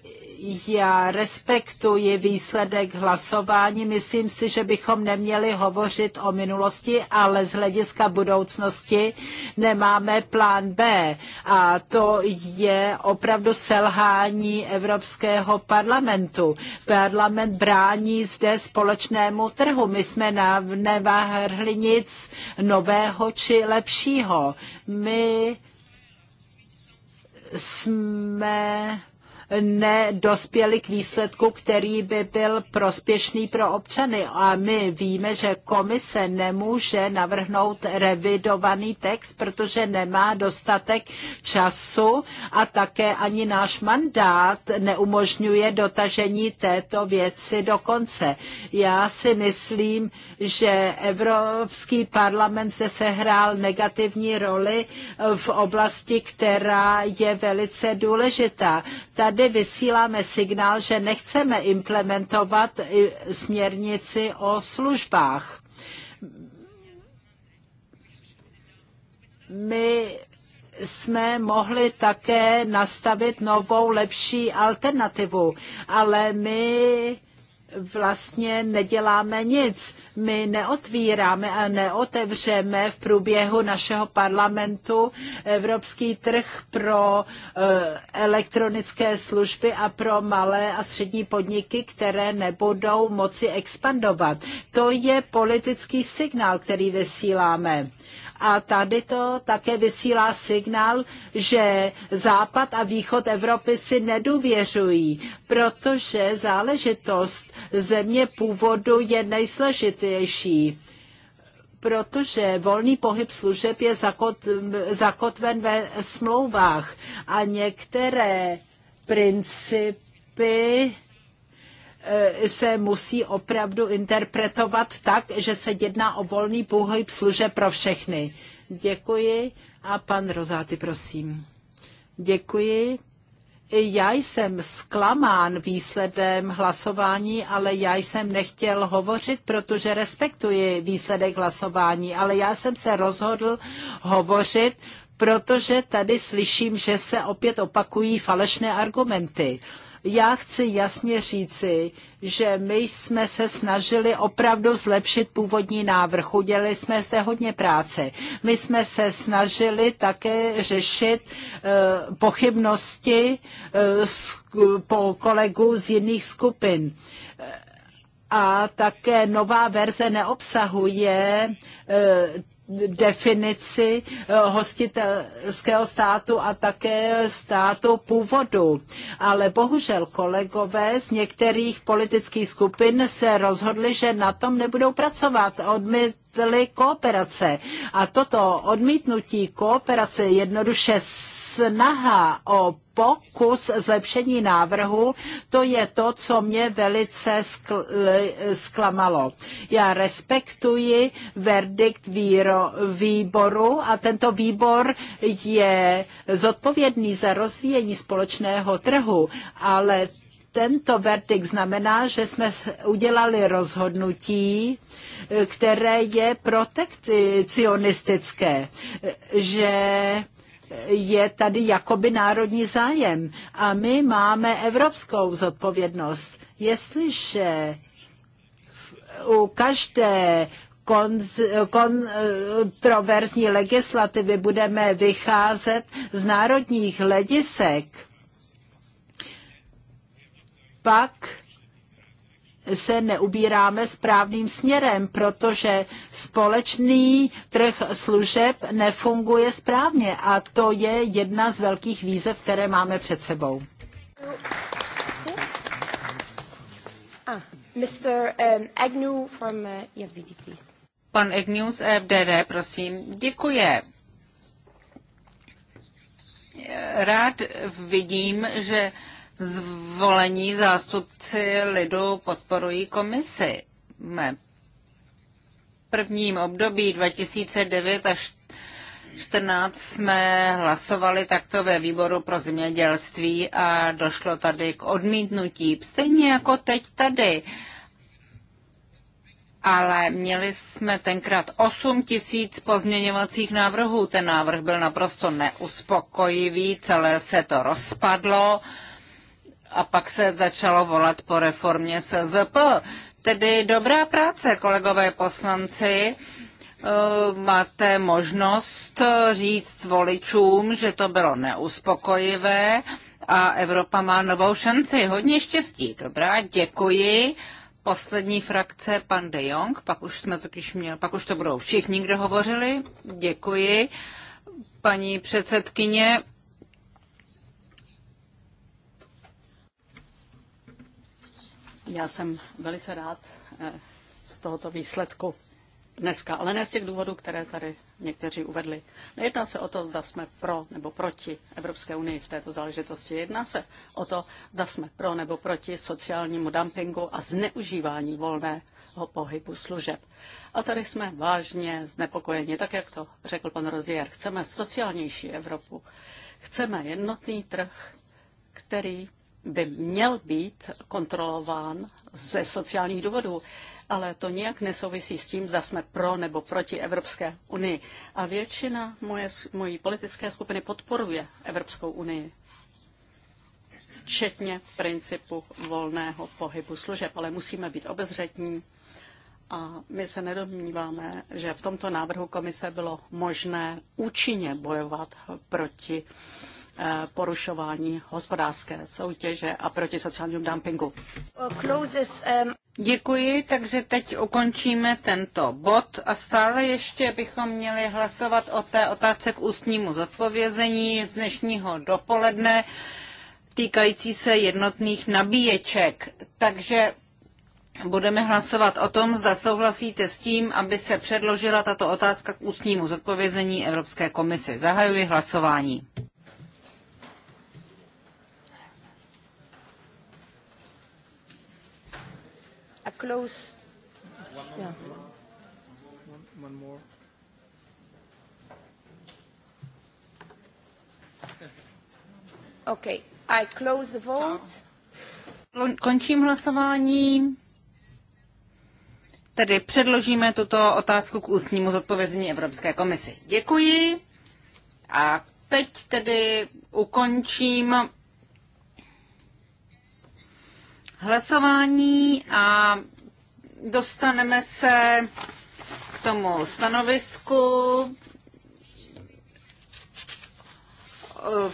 já respektuji výsledek hlasování. Myslím si, že bychom neměli hovořit o minulosti, ale z hlediska budoucnosti nemáme plán B. A to je opravdu selhání Evropského parlamentu. Parlament brání zde společnému trhu. My jsme nevahrli nic nového či lepšího. My jsme nedospěli k výsledku, který by byl prospěšný pro občany. A my víme, že komise nemůže navrhnout revidovaný text, protože nemá dostatek času a také ani náš mandát neumožňuje dotažení této věci do konce. Já si myslím, že Evropský parlament se sehrál negativní roli v oblasti, která je velice důležitá. Tady tady vysíláme signál, že nechceme implementovat směrnici o službách. My jsme mohli také nastavit novou, lepší alternativu, ale my vlastně neděláme nic. My neotvíráme a neotevřeme v průběhu našeho parlamentu evropský trh pro eh, elektronické služby a pro malé a střední podniky, které nebudou moci expandovat. To je politický signál, který vysíláme. A tady to také vysílá signál, že Západ a Východ Evropy si nedůvěřují, protože záležitost země původu je nejsležitější protože volný pohyb služeb je zakotven ve smlouvách a některé principy Eh, se musí opravdu interpretovat tak, že se jedná o volný pohyb služeb pro všechny. Děkuji a pan Rozáty, prosím. Děkuji. Já jsem zklamán výsledem hlasování, ale já jsem nechtěl hovořit, protože respektuji výsledek hlasování, ale já jsem se rozhodl hovořit, protože tady slyším, že se opět opakují falešné argumenty. Já chci jasně říci, že my jsme se snažili opravdu zlepšit původní návrh. Udělali jsme zde hodně práce. My jsme se snažili také řešit eh, pochybnosti eh, po kolegů z jiných skupin a také nová verze neobsahuje eh, definici eh, hostitelského státu a také státu původu. Ale bohužel kolegové z některých politických skupin se rozhodli, že na tom nebudou pracovat. odmítli kooperace. A toto odmítnutí kooperace jednoduše snaha o pokus zlepšení návrhu, to je to, co mě velice skl, zklamalo. Já respektuji verdikt víro, výboru a tento výbor je zodpovědný za rozvíjení společného trhu, ale tento verdikt znamená, že jsme udělali rozhodnutí, které je protekcionistické, že je tady jakoby národní zájem a my máme evropskou zodpovědnost. Jestliže u každé kontroverzní legislativy budeme vycházet z národních hledisek, pak se neubíráme správným směrem, protože společný trh služeb nefunguje správně a to je jedna z velkých výzev, které máme před sebou. Ah, um, uh, e Pan Agnew z e FDD, prosím. Děkuji. Rád vidím, že zvolení zástupci lidu podporují komisi. V prvním období 2009 až 14 jsme hlasovali takto ve výboru pro zemědělství a došlo tady k odmítnutí, stejně jako teď tady. Ale měli jsme tenkrát 8 tisíc pozměňovacích návrhů. Ten návrh byl naprosto neuspokojivý, celé se to rozpadlo a pak se začalo volat po reformě SZP. Tedy dobrá práce, kolegové poslanci. E, máte možnost říct voličům, že to bylo neuspokojivé a Evropa má novou šanci. Hodně štěstí. Dobrá, děkuji. Poslední frakce, pan De Jong, pak už, jsme totiž měli, pak už to budou všichni, kdo hovořili. Děkuji. Paní předsedkyně, Já jsem velice rád eh, z tohoto výsledku dneska, ale ne z těch důvodů, které tady někteří uvedli. Nejedná se o to, zda jsme pro nebo proti Evropské unii v této záležitosti. Jedná se o to, zda jsme pro nebo proti sociálnímu dumpingu a zneužívání volného pohybu služeb. A tady jsme vážně znepokojeni, tak jak to řekl pan Rozier. Chceme sociálnější Evropu. Chceme jednotný trh, který by měl být kontrolován ze sociálních důvodů, ale to nijak nesouvisí s tím, zda jsme pro nebo proti Evropské unii. A většina moje, mojí politické skupiny podporuje Evropskou unii včetně principu volného pohybu služeb, ale musíme být obezřetní. A my se nedomníváme, že v tomto návrhu komise bylo možné účinně bojovat proti Eh, porušování hospodářské soutěže a proti sociálnímu dumpingu. Děkuji, takže teď ukončíme tento bod a stále ještě bychom měli hlasovat o té otázce k ústnímu zodpovězení z dnešního dopoledne týkající se jednotných nabíječek. Takže budeme hlasovat o tom, zda souhlasíte s tím, aby se předložila tato otázka k ústnímu zodpovězení Evropské komise. Zahajuji hlasování. close. One more, yeah. one, one more. Okay. I close the vote. Končím hlasování. Tedy předložíme tuto otázku k ústnímu zodpovězení Evropské komisi. Děkuji. A teď tedy ukončím hlasování a dostaneme se k tomu stanovisku.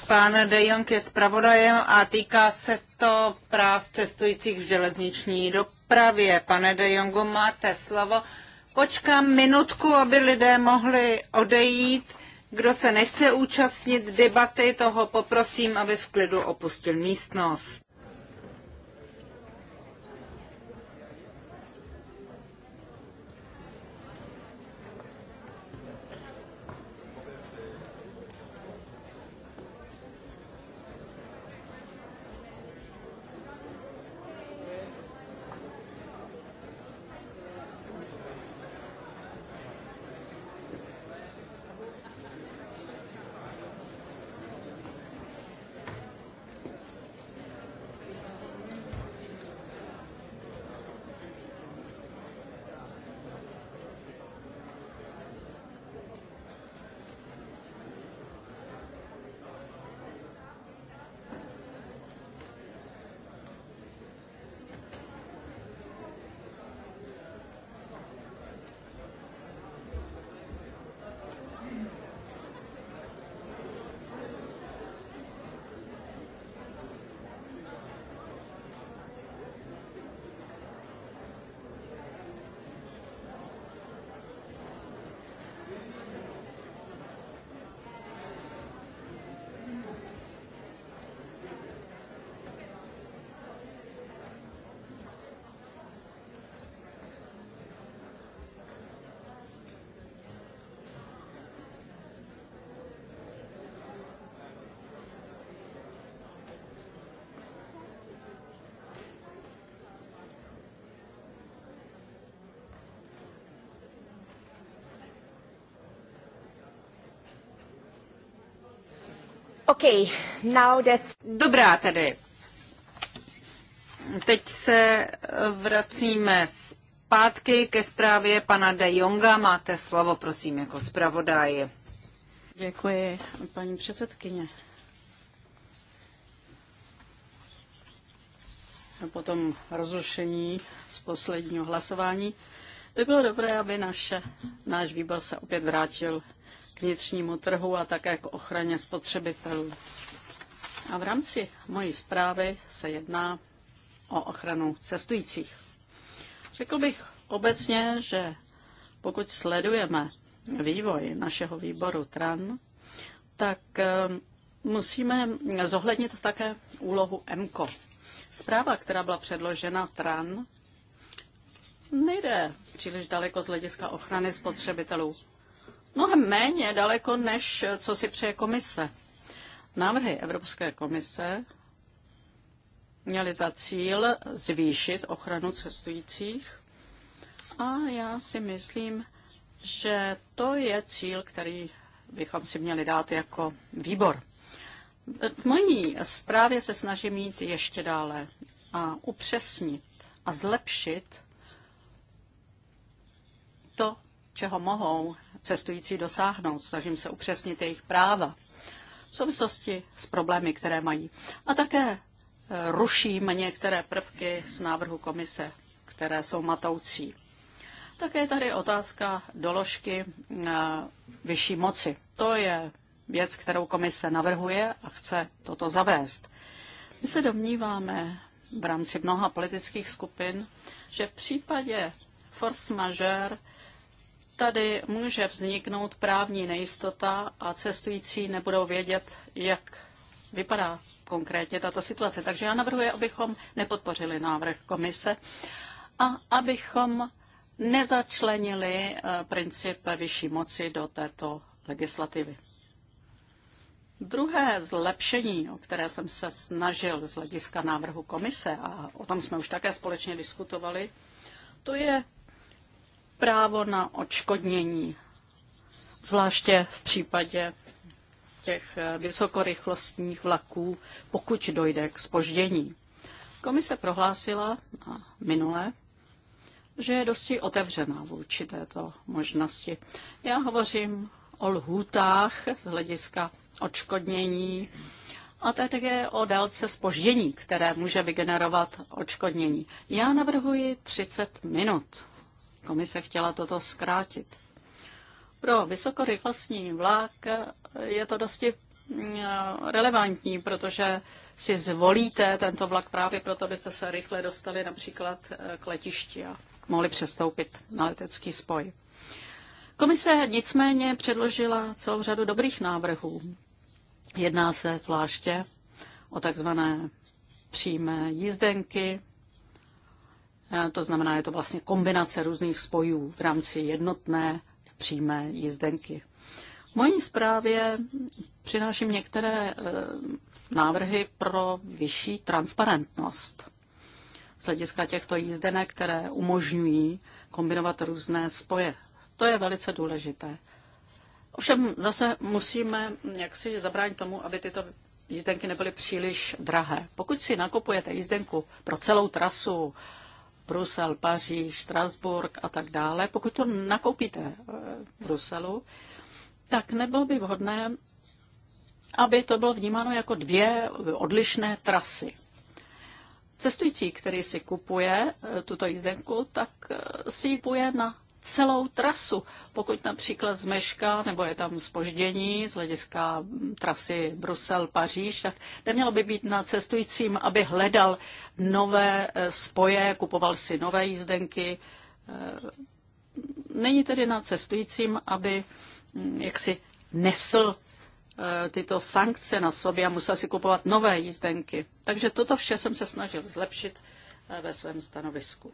Pán De Jong je zpravodajem a týká se to práv cestujících v železniční dopravě. Pane De Jongu, máte slovo. Počkám minutku, aby lidé mohli odejít. Kdo se nechce účastnit debaty, toho poprosím, aby v klidu opustil místnost. Okay, now that... Dobrá tedy. Teď se eh, vracíme zpátky ke zprávě pana De Jonga. Máte slovo, prosím, jako zpravodaj. Děkuji, paní předsedkyně. A potom rozrušení z posledního hlasování, by bylo dobré, aby naše, náš výbor se opět vrátil vnitřnímu trhu a také k ochraně spotřebitelů. A v rámci mojí zprávy se jedná o ochranu cestujících. Řekl bych obecně, že pokud sledujeme vývoj našeho výboru TRAN, tak eh, musíme zohlednit také úlohu EMCO. Zpráva, která byla předložena TRAN, nejde příliš daleko z hlediska ochrany spotřebitelů mnohem méně daleko, než co si přeje komise. Návrhy Evropské komise měly za cíl zvýšit ochranu cestujících a já si myslím, že to je cíl, který bychom si měli dát jako výbor. V mojí zprávě se snažím jít ještě dále a upřesnit a zlepšit to, čeho mohou cestující dosáhnout. Snažím se upřesnit jejich práva v souvislosti s problémy, které mají. A také eh, ruším některé prvky z návrhu komise, které jsou matoucí. Také je tady otázka doložky eh, vyšší moci. To je věc, kterou komise navrhuje a chce toto zavést. My se domníváme v rámci mnoha politických skupin, že v případě force majeure tady může vzniknout právní nejistota a cestující nebudou vědět, jak vypadá konkrétně tato situace. Takže já navrhuji, abychom nepodpořili návrh komise a abychom nezačlenili eh, princip vyšší moci do této legislativy. Druhé zlepšení, o které jsem se snažil z hlediska návrhu komise, a o tom jsme už také společně diskutovali, to je právo na odškodnění, zvláště v případě těch eh, vysokorychlostních vlaků, pokud dojde k spoždění. Komise prohlásila minule, že je dosti otevřená vůči této možnosti. Já hovořím o lhůtách z hlediska odškodnění a je také o délce spoždění, které může vygenerovat odškodnění. Já navrhuji 30 minut. Komise chtěla toto zkrátit. Pro vysokorychlostní vlak je to dosti mm, relevantní, protože si zvolíte tento vlak právě proto, abyste se rychle dostali například eh, k letišti a mohli přestoupit na letecký spoj. Komise nicméně předložila celou řadu dobrých návrhů. Jedná se zvláště o takzvané přímé jízdenky, to znamená, je to vlastně kombinace různých spojů v rámci jednotné přímé jízdenky. V mojí zprávě přináším některé eh, návrhy pro vyšší transparentnost z hlediska těchto jízdenek, které umožňují kombinovat různé spoje. To je velice důležité. Ovšem zase musíme jaksi zabránit tomu, aby tyto jízdenky nebyly příliš drahé. Pokud si nakupujete jízdenku pro celou trasu Brusel, Paříž, Strasburg a tak dále, pokud to nakoupíte eh, v Bruselu, tak nebylo by vhodné, aby to bylo vnímáno jako dvě odlišné trasy. Cestující, který si kupuje eh, tuto jízdenku, tak eh, si ji na celou trasu. Pokud například zmeška nebo je tam spoždění z hlediska hm, trasy Brusel-Paříž, tak nemělo by být na cestujícím, aby hledal nové eh, spoje, kupoval si nové jízdenky. Eh, není tedy na cestujícím, aby hm, jaksi nesl eh, tyto sankce na sobě a musel si kupovat nové jízdenky. Takže toto vše jsem se snažil zlepšit ve svém stanovisku.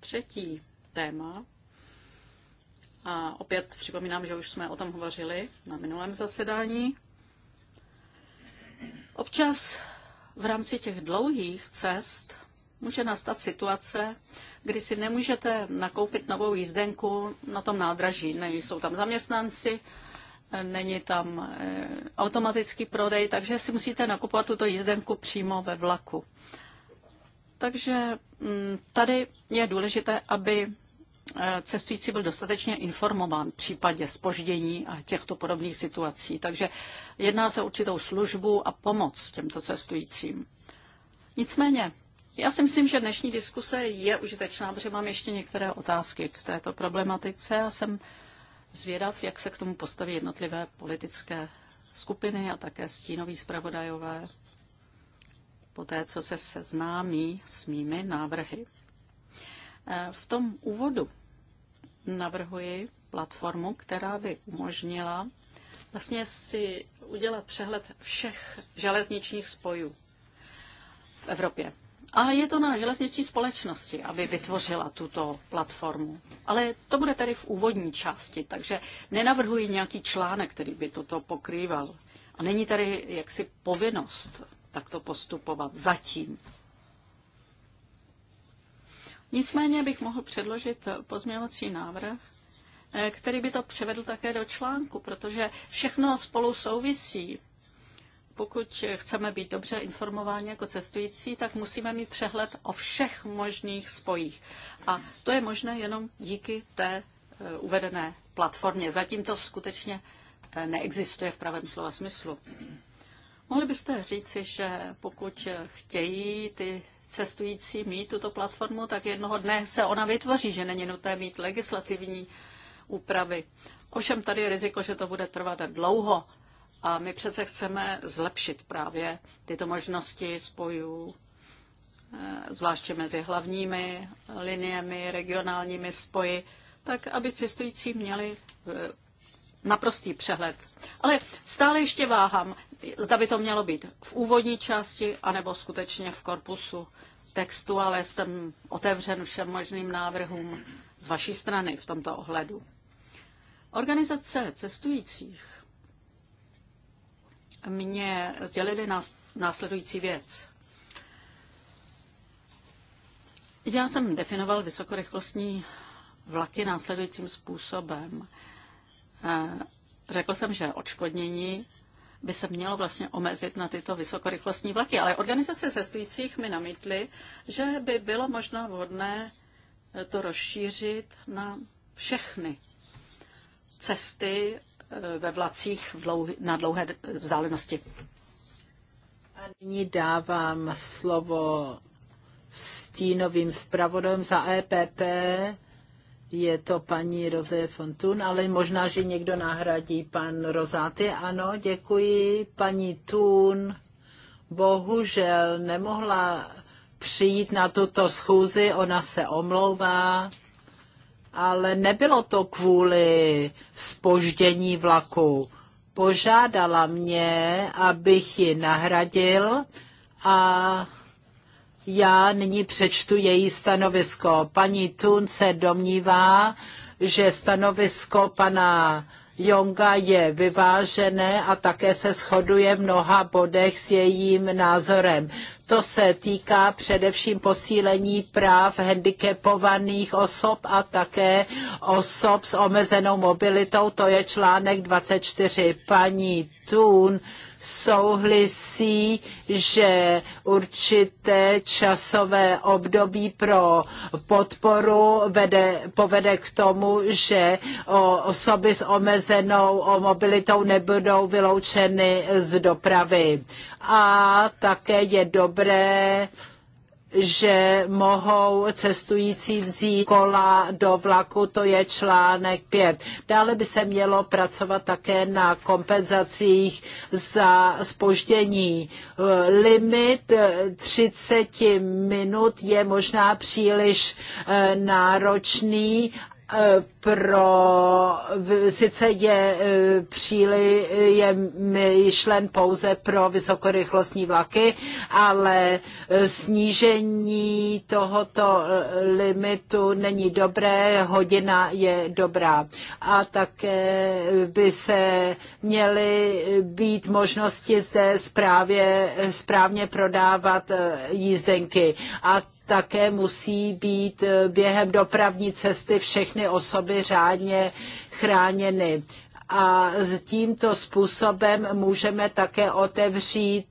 Třetí téma. A opět připomínám, že už jsme o tom hovořili na minulém zasedání. Občas v rámci těch dlouhých cest může nastat situace, kdy si nemůžete nakoupit novou jízdenku na tom nádraží. Nejsou tam zaměstnanci, není tam eh, automatický prodej, takže si musíte nakupovat tuto jízdenku přímo ve vlaku. Takže mm, tady je důležité, aby cestující byl dostatečně informován v případě spoždění a těchto podobných situací. Takže jedná se o určitou službu a pomoc těmto cestujícím. Nicméně, já si myslím, že dnešní diskuse je užitečná, protože mám ještě některé otázky k této problematice a jsem zvědav, jak se k tomu postaví jednotlivé politické skupiny a také stínoví zpravodajové, poté co se seznámí s mými návrhy. Eh, v tom úvodu navrhuji platformu, která by umožnila vlastně si udělat přehled všech železničních spojů v Evropě. A je to na železniční společnosti, aby vytvořila tuto platformu. Ale to bude tady v úvodní části, takže nenavrhuji nějaký článek, který by toto pokrýval. A není tady jaksi povinnost takto postupovat zatím. Nicméně bych mohl předložit pozměňovací návrh, eh, který by to převedl také do článku, protože všechno spolu souvisí. Pokud chceme být dobře informováni jako cestující, tak musíme mít přehled o všech možných spojích. A to je možné jenom díky té eh, uvedené platformě. Zatím to skutečně eh, neexistuje v pravém slova smyslu. Mohli byste říci, že pokud chtějí ty cestující mít tuto platformu, tak jednoho dne se ona vytvoří, že není nutné mít legislativní úpravy. Ovšem tady je riziko, že to bude trvat dlouho a my přece chceme zlepšit právě tyto možnosti spojů, eh, zvláště mezi hlavními liniemi, regionálními spoji, tak aby cestující měli eh, naprostý přehled. Ale stále ještě váhám zda by to mělo být v úvodní části, anebo skutečně v korpusu textu, ale jsem otevřen všem možným návrhům z vaší strany v tomto ohledu. Organizace cestujících mě sdělili následující věc. Já jsem definoval vysokorychlostní vlaky následujícím způsobem. Eh, řekl jsem, že odškodnění by se mělo vlastně omezit na tyto vysokorychlostní vlaky. Ale organizace cestujících mi namítly, že by bylo možná vhodné to rozšířit na všechny cesty eh, ve vlacích na dlouhé vzdálenosti. A nyní dávám slovo stínovým zpravodem za EPP je to paní Rozé Fontun, ale možná, že někdo nahradí pan Rozáty. Ano, děkuji. Paní Tun bohužel nemohla přijít na tuto schůzi, ona se omlouvá, ale nebylo to kvůli spoždění vlaku. Požádala mě, abych ji nahradil a já nyní přečtu její stanovisko. Paní Tun se domnívá, že stanovisko pana Jonga je vyvážené a také se shoduje v mnoha bodech s jejím názorem. To se týká především posílení práv handicapovaných osob a také osob s omezenou mobilitou, to je článek 24. Paní Tun souhlisí, že určité časové období pro podporu vede, povede k tomu, že osoby s omezenou mobilitou nebudou vyloučeny z dopravy. A také je dobré, že mohou cestující vzít kola do vlaku, to je článek 5. Dále by se mělo pracovat také na kompenzacích za spoždění. Limit 30 minut je možná příliš eh, náročný, eh, pro, sice je e, příli, je myšlen pouze pro vysokorychlostní vlaky, ale e, snížení tohoto e, limitu není dobré, hodina je dobrá. A také by se měly být možnosti zde správě, správně prodávat jízdenky. A také musí být během dopravní cesty všechny osoby řádně chráněny a tímto způsobem můžeme také otevřít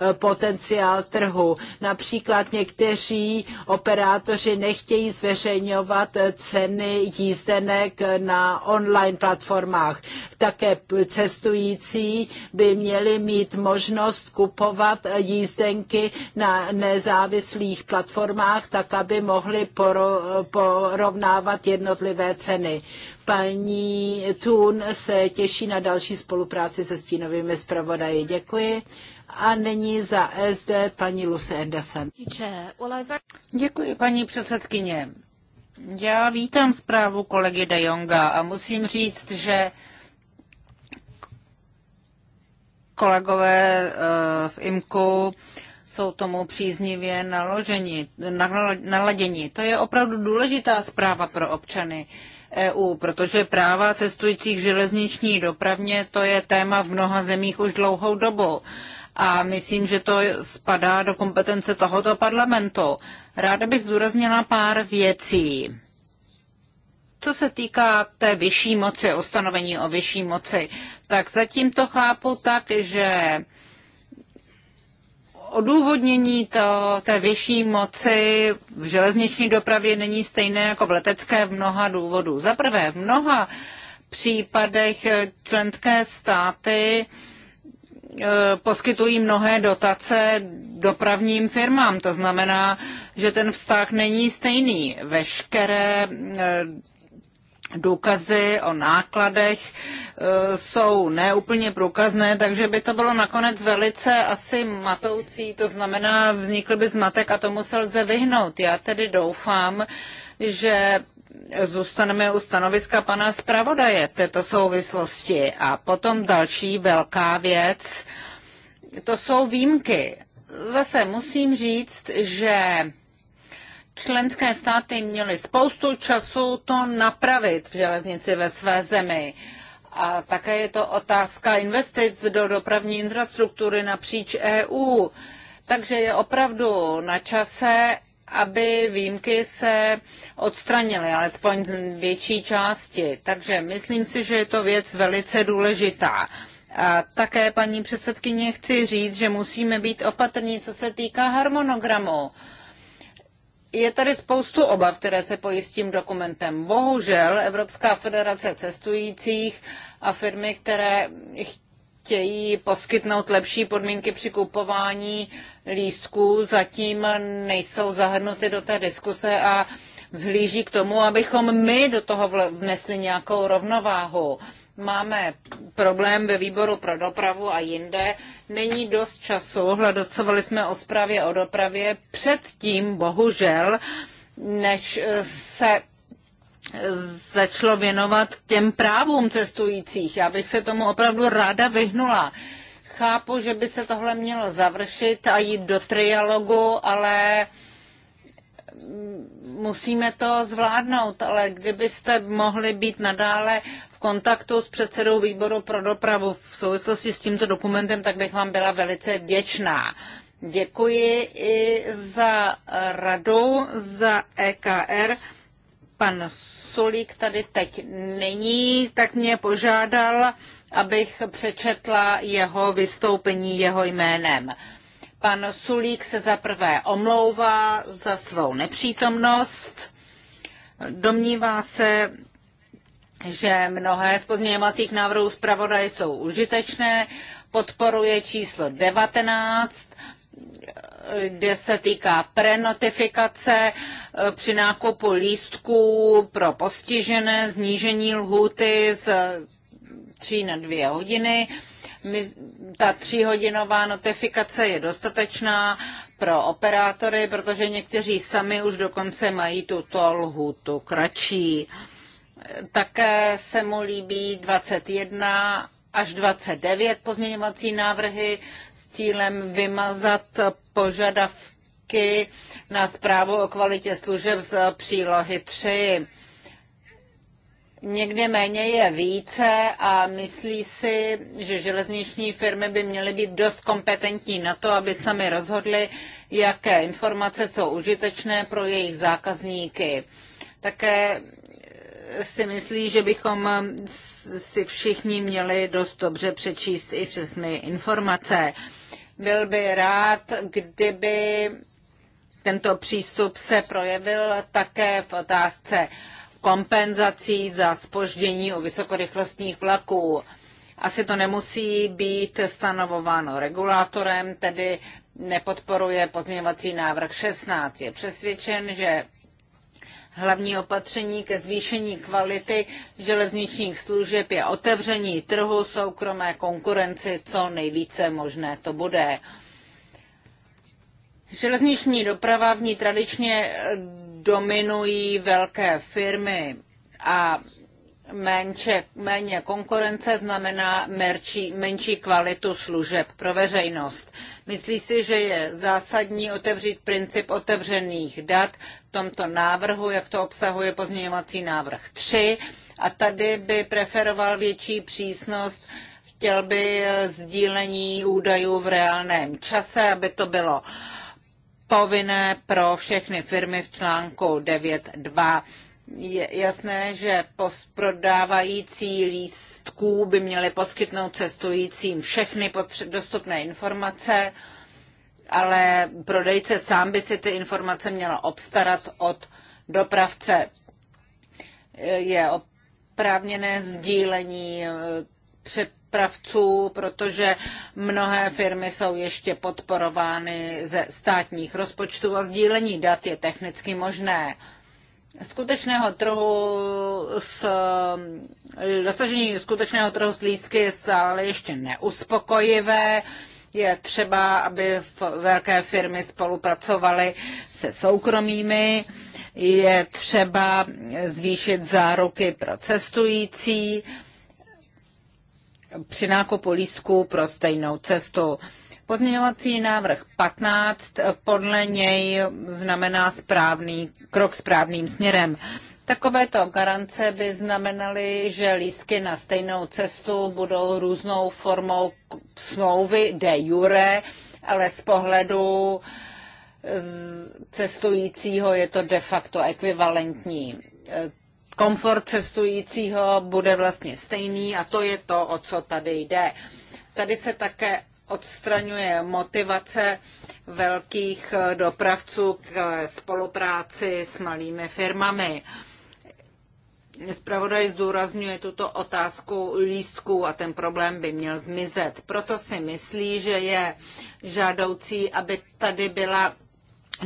eh, potenciál trhu. Například někteří operátoři nechtějí zveřejňovat eh, ceny jízdenek eh, na online platformách. Také cestující by měli mít možnost kupovat jízdenky na nezávislých platformách, tak aby mohli porovnávat jednotlivé ceny. Paní Thun se se těší na další spolupráci se stínovými zpravodaji. Děkuji. A nyní za SD paní Luce Anderson. Děkuji, paní předsedkyně. Já vítám zprávu kolegy De Jonga a musím říct, že kolegové eh, v IMKU jsou tomu příznivě naloženi, naladěni. To je opravdu důležitá zpráva pro občany. EU, protože práva cestujících v železniční dopravně to je téma v mnoha zemích už dlouhou dobu. A myslím, že to spadá do kompetence tohoto parlamentu. Ráda bych zdůraznila pár věcí. Co se týká té vyšší moci, ustanovení o vyšší moci, tak zatím to chápu tak, že odůvodnění to, té vyšší moci v železniční dopravě není stejné jako v letecké v mnoha důvodů. Za prvé, v mnoha případech členské státy e, poskytují mnohé dotace dopravním firmám. To znamená, že ten vztah není stejný. Veškeré e, důkazy o nákladech e, jsou neúplně průkazné, takže by to bylo nakonec velice asi matoucí, to znamená, vznikl by zmatek a tomu se lze vyhnout. Já tedy doufám, že zůstaneme u stanoviska pana zpravodaje v této souvislosti. A potom další velká věc, to jsou výjimky. Zase musím říct, že členské státy měly spoustu času to napravit v železnici ve své zemi. A také je to otázka investic do dopravní infrastruktury napříč EU. Takže je opravdu na čase, aby výjimky se odstranily, alespoň z větší části. Takže myslím si, že je to věc velice důležitá. A také, paní předsedkyně, chci říct, že musíme být opatrní, co se týká harmonogramu je tady spoustu obav, které se pojí s tím dokumentem. Bohužel Evropská federace cestujících a firmy, které chtějí poskytnout lepší podmínky při kupování lístků, zatím nejsou zahrnuty do té diskuse a vzhlíží k tomu, abychom my do toho vnesli nějakou rovnováhu máme problém ve výboru pro dopravu a jinde. Není dost času, hladocovali jsme o zprávě o dopravě předtím, bohužel, než eh, se eh, začalo věnovat těm právům cestujících. Já bych se tomu opravdu ráda vyhnula. Chápu, že by se tohle mělo završit a jít do trialogu, ale mm, musíme to zvládnout, ale kdybyste mohli být nadále kontaktu s předsedou výboru pro dopravu v souvislosti s tímto dokumentem, tak bych vám byla velice vděčná. Děkuji i za radu, za EKR. Pan Sulík tady teď není, tak mě požádal, abych přečetla jeho vystoupení jeho jménem. Pan Sulík se za prvé omlouvá za svou nepřítomnost. Domnívá se, že mnohé z pozměňovacích návrhů zpravodaj jsou užitečné, podporuje číslo 19, kde se týká prenotifikace e, při nákupu lístků pro postižené, znížení lhůty z 3 na 2 hodiny. My, ta tříhodinová notifikace je dostatečná pro operátory, protože někteří sami už dokonce mají tuto lhůtu kratší. Uh, také se mu líbí 21 až 29 pozměňovací návrhy s cílem vymazat požadavky na zprávu o kvalitě služeb z přílohy 3. Někdy méně je více a myslí si, že železniční firmy by měly být dost kompetentní na to, aby sami rozhodly, jaké informace jsou užitečné pro jejich zákazníky. Také si myslí, že bychom si všichni měli dost dobře přečíst i všechny informace. Byl by rád, kdyby tento přístup se projevil také v otázce kompenzací za spoždění u vysokorychlostních vlaků. Asi to nemusí být stanovováno regulátorem, tedy nepodporuje pozměňovací návrh 16. Je přesvědčen, že Hlavní opatření ke zvýšení kvality železničních služeb je otevření trhu soukromé konkurenci, co nejvíce možné to bude. Železniční doprava v ní tradičně eh, dominují velké firmy a Ménče, méně konkurence znamená merčí, menší kvalitu služeb pro veřejnost. Myslí si, že je zásadní otevřít princip otevřených dat v tomto návrhu, jak to obsahuje pozměňovací návrh 3. A tady by preferoval větší přísnost, chtěl by sdílení údajů v reálném čase, aby to bylo povinné pro všechny firmy v článku 9.2 je jasné, že prodávající lístků by měli poskytnout cestujícím všechny dostupné informace, ale prodejce sám by si ty informace měl obstarat od dopravce. Je oprávněné sdílení eh, přepravců, protože mnohé firmy jsou ještě podporovány ze státních rozpočtů a sdílení dat je technicky možné skutečného trhu s dosažení skutečného trhu s lístky je stále ještě neuspokojivé. Je třeba, aby velké firmy spolupracovaly se soukromými. Je třeba zvýšit záruky pro cestující při nákupu lístků pro stejnou cestu. Pozměňovací návrh 15 podle něj znamená správný krok správným směrem. Takovéto garance by znamenaly, že lístky na stejnou cestu budou různou formou smlouvy de jure, ale z pohledu cestujícího je to de facto ekvivalentní. Komfort cestujícího bude vlastně stejný a to je to, o co tady jde. Tady se také odstraňuje motivace velkých dopravců k spolupráci s malými firmami. Spravodaj zdůrazňuje tuto otázku lístků a ten problém by měl zmizet. Proto si myslí, že je žádoucí, aby tady byla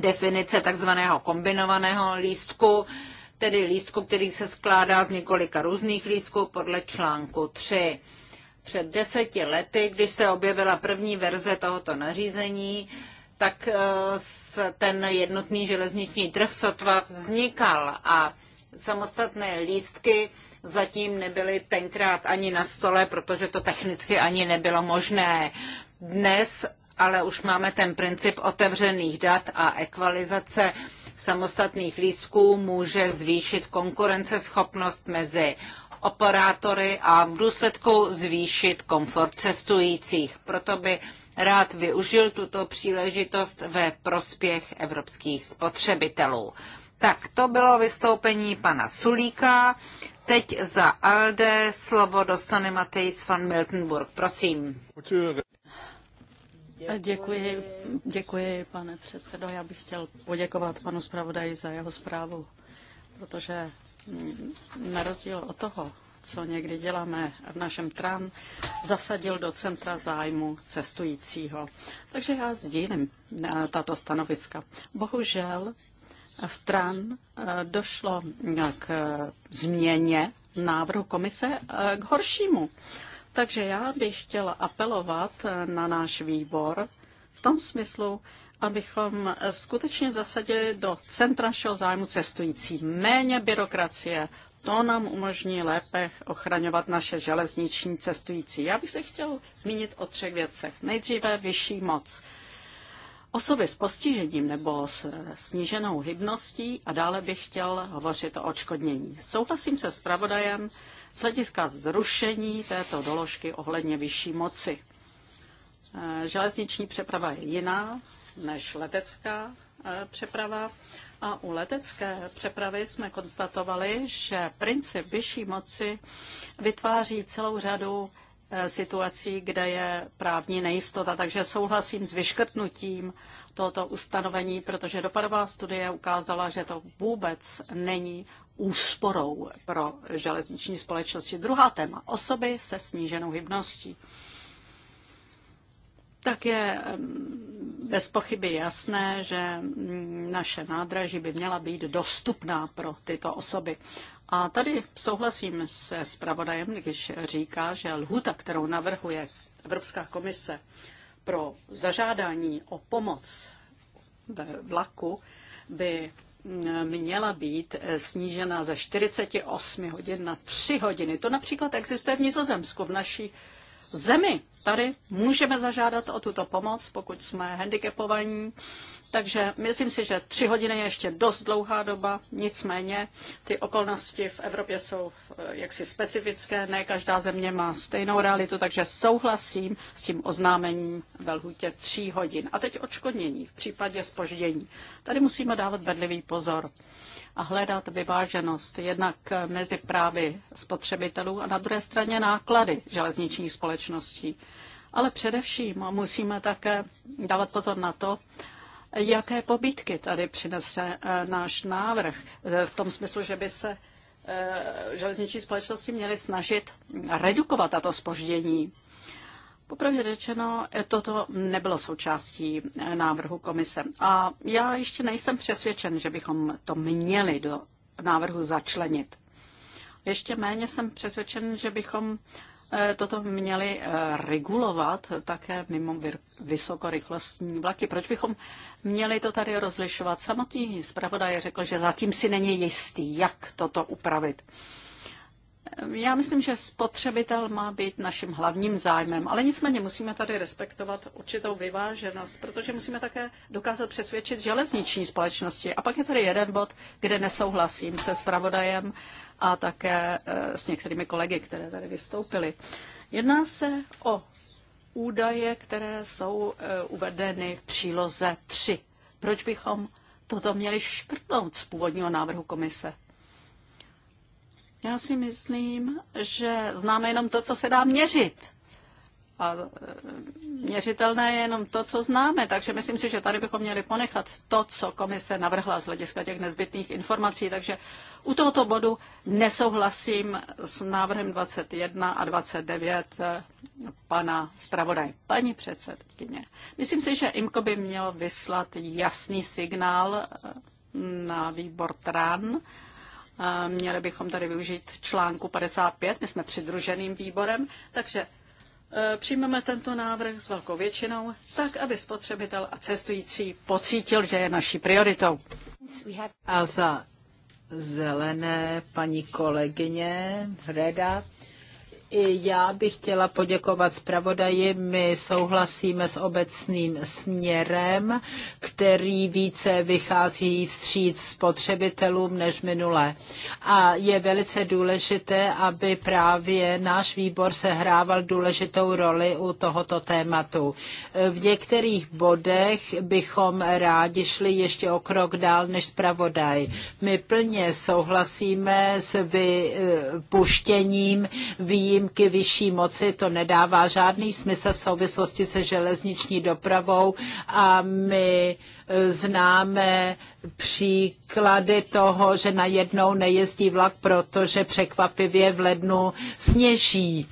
definice takzvaného kombinovaného lístku, tedy lístku, který se skládá z několika různých lístků podle článku 3. Před deseti lety, když se objevila první verze tohoto nařízení, tak eh, ten jednotný železniční trh sotva vznikal a samostatné lístky zatím nebyly tenkrát ani na stole, protože to technicky ani nebylo možné. Dnes ale už máme ten princip otevřených dat a ekvalizace samostatných lístků může zvýšit konkurenceschopnost mezi operátory a v důsledku zvýšit komfort cestujících. Proto by rád využil tuto příležitost ve prospěch evropských spotřebitelů. Tak to bylo vystoupení pana Sulíka. Teď za ALDE slovo dostane Matejs van Miltenburg. Prosím. Děkuji, děkuji, pane předsedo. Já bych chtěl poděkovat panu zpravodaji za jeho zprávu, protože na rozdíl od toho, co někdy děláme v našem TRAN, zasadil do centra zájmu cestujícího. Takže já sdílím eh, tato stanoviska. Bohužel v TRAN eh, došlo k eh, změně návrhu komise k horšímu. Takže já bych chtěla apelovat na náš výbor v tom smyslu, abychom skutečně zasadili do centra našeho zájmu cestující. Méně byrokracie, to nám umožní lépe ochraňovat naše železniční cestující. Já bych se chtěl zmínit o třech věcech. Nejdříve vyšší moc. Osoby s postižením nebo s sníženou hybností a dále bych chtěl hovořit o očkodnění. Souhlasím se s pravodajem z hlediska zrušení této doložky ohledně vyšší moci. Železniční přeprava je jiná než letecká eh, přeprava. A u letecké přepravy jsme konstatovali, že princip vyšší moci vytváří celou řadu eh, situací, kde je právní nejistota. Takže souhlasím s vyškrtnutím tohoto ustanovení, protože dopadová studie ukázala, že to vůbec není úsporou pro železniční společnosti. Druhá téma. Osoby se sníženou hybností tak je bez pochyby jasné, že mm, naše nádraží by měla být dostupná pro tyto osoby. A tady souhlasím se zpravodajem, když říká, že lhuta, kterou navrhuje Evropská komise pro zažádání o pomoc ve vlaku, by mm, měla být eh, snížena ze 48 hodin na 3 hodiny. To například existuje v Nizozemsku, v naší zemi. Tady můžeme zažádat o tuto pomoc, pokud jsme handicapovaní. Takže myslím si, že tři hodiny je ještě dost dlouhá doba, nicméně ty okolnosti v Evropě jsou eh, jaksi specifické, ne každá země má stejnou realitu, takže souhlasím s tím oznámením ve lhůtě tří hodin. A teď odškodnění v případě spoždění. Tady musíme dávat bedlivý pozor a hledat vyváženost jednak mezi právy spotřebitelů a na druhé straně náklady železničních společností. Ale především musíme také dávat pozor na to, jaké pobítky tady přinese eh, náš návrh eh, v tom smyslu, že by se eh, železniční společnosti měly snažit redukovat tato spoždění. Popravdě řečeno, toto nebylo součástí eh, návrhu komise. A já ještě nejsem přesvědčen, že bychom to měli do návrhu začlenit. Ještě méně jsem přesvědčen, že bychom eh, toto měli eh, regulovat také mimo vysokorychlostní vlaky. Proč bychom měli to tady rozlišovat? Samotný zpravodaj řekl, že zatím si není jistý, jak toto upravit. Já myslím, že spotřebitel má být naším hlavním zájmem, ale nicméně musíme tady respektovat určitou vyváženost, protože musíme také dokázat přesvědčit železniční společnosti. A pak je tady jeden bod, kde nesouhlasím se spravodajem a také e, s některými kolegy, které tady vystoupili. Jedná se o údaje, které jsou e, uvedeny v příloze 3. Proč bychom toto měli škrtnout z původního návrhu komise? Já si myslím, že známe jenom to, co se dá měřit. A e, měřitelné je jenom to, co známe. Takže myslím si, že tady bychom měli ponechat to, co komise navrhla z hlediska těch nezbytných informací. Takže u tohoto bodu nesouhlasím s návrhem 21 a 29 e, pana zpravodaj. Paní předsedkyně, myslím si, že IMKO by měl vyslat jasný signál e, na výbor TRAN, Měli bychom tady využít článku 55, my jsme přidruženým výborem, takže e, přijmeme tento návrh s velkou většinou, tak aby spotřebitel a cestující pocítil, že je naší prioritou. A za zelené paní kolegyně Hreda. I já bych chtěla poděkovat zpravodaji. My souhlasíme s obecným směrem, který více vychází vstříc spotřebitelům než minule. A je velice důležité, aby právě náš výbor sehrával důležitou roli u tohoto tématu. V některých bodech bychom rádi šli ještě o krok dál než zpravodaj. My plně souhlasíme s vypuštěním výjimek výjimky vyšší moci, to nedává žádný smysl v souvislosti se železniční dopravou a my eh, známe příklady toho, že najednou nejezdí vlak, protože překvapivě v lednu sněží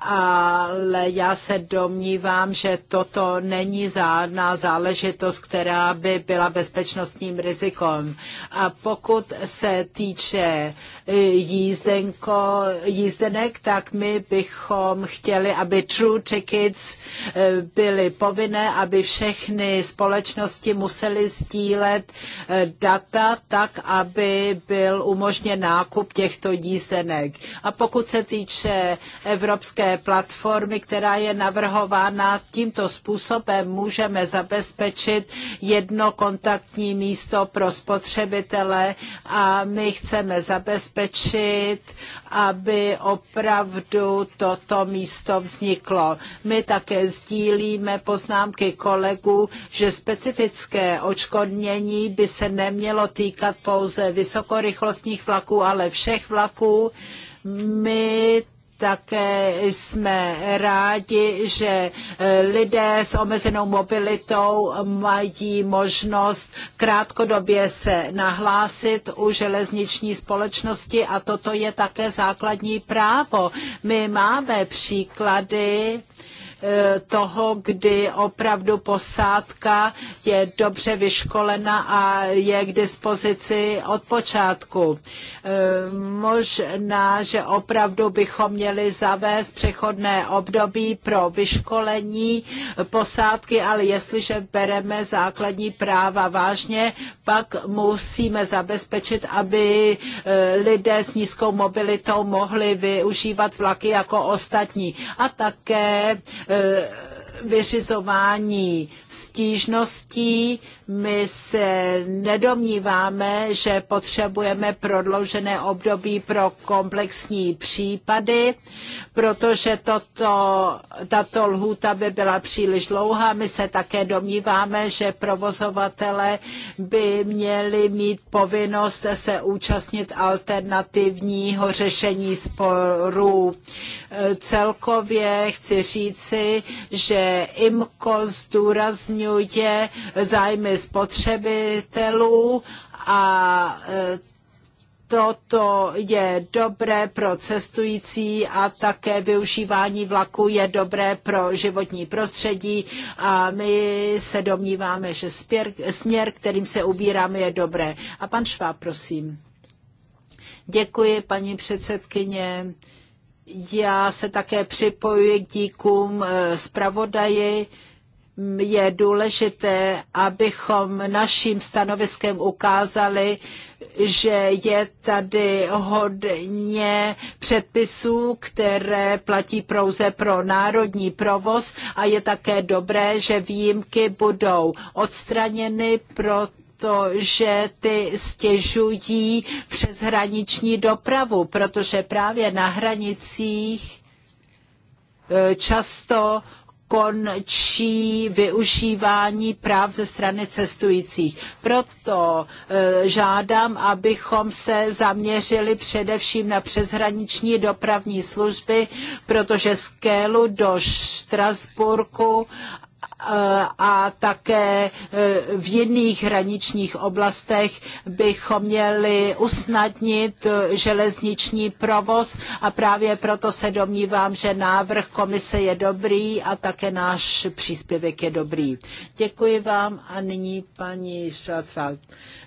ale já se domnívám, že toto není žádná záležitost, která by byla bezpečnostním rizikem. A pokud se týče e, jízdenko, jízdenek, tak my bychom chtěli, aby true tickets e, byly povinné, aby všechny společnosti musely sdílet e, data tak, aby byl umožněn nákup těchto jízdenek. A pokud se týče Evropské platformy, která je navrhována tímto způsobem, můžeme zabezpečit jedno kontaktní místo pro spotřebitele a my chceme zabezpečit, aby opravdu toto místo vzniklo. My také sdílíme poznámky kolegů, že specifické očkodnění by se nemělo týkat pouze vysokorychlostních vlaků, ale všech vlaků. My také jsme rádi, že e, lidé s omezenou mobilitou mají možnost krátkodobě se nahlásit u železniční společnosti a toto je také základní právo. My máme příklady, Eh, toho, kdy opravdu posádka je dobře vyškolena a je k dispozici od počátku. Eh, možná, že opravdu bychom měli zavést přechodné období pro vyškolení posádky, ale jestliže bereme základní práva vážně, pak musíme zabezpečit, aby eh, lidé s nízkou mobilitou mohli využívat vlaky jako ostatní. A také Eh, vyřizování stížností my se nedomníváme, že potřebujeme prodloužené období pro komplexní případy, protože toto, tato lhůta by byla příliš dlouhá. My se také domníváme, že provozovatele by měli mít povinnost se účastnit alternativního řešení sporů. Celkově chci říci, že IMCO zdůrazňuje zájmy spotřebitelů a e, toto je dobré pro cestující a také využívání vlaku je dobré pro životní prostředí a my se domníváme, že směr, směr kterým se ubíráme, je dobré. A pan Švá, prosím. Děkuji, paní předsedkyně. Já se také připojuji k díkům e, zpravodaji. Eh, je důležité, abychom naším stanoviskem ukázali, že je tady hodně předpisů, které platí prouze pro národní provoz a je také dobré, že výjimky budou odstraněny pro to, že ty stěžují přeshraniční dopravu, protože právě na hranicích eh, často končí využívání práv ze strany cestujících. Proto e, žádám, abychom se zaměřili především na přeshraniční dopravní služby, protože z Kélu do Štrasburku a také e, v jiných hraničních oblastech bychom měli usnadnit e, železniční provoz a právě proto se domnívám, že návrh komise je dobrý a také náš příspěvek je dobrý. Děkuji vám a nyní paní Štracvald.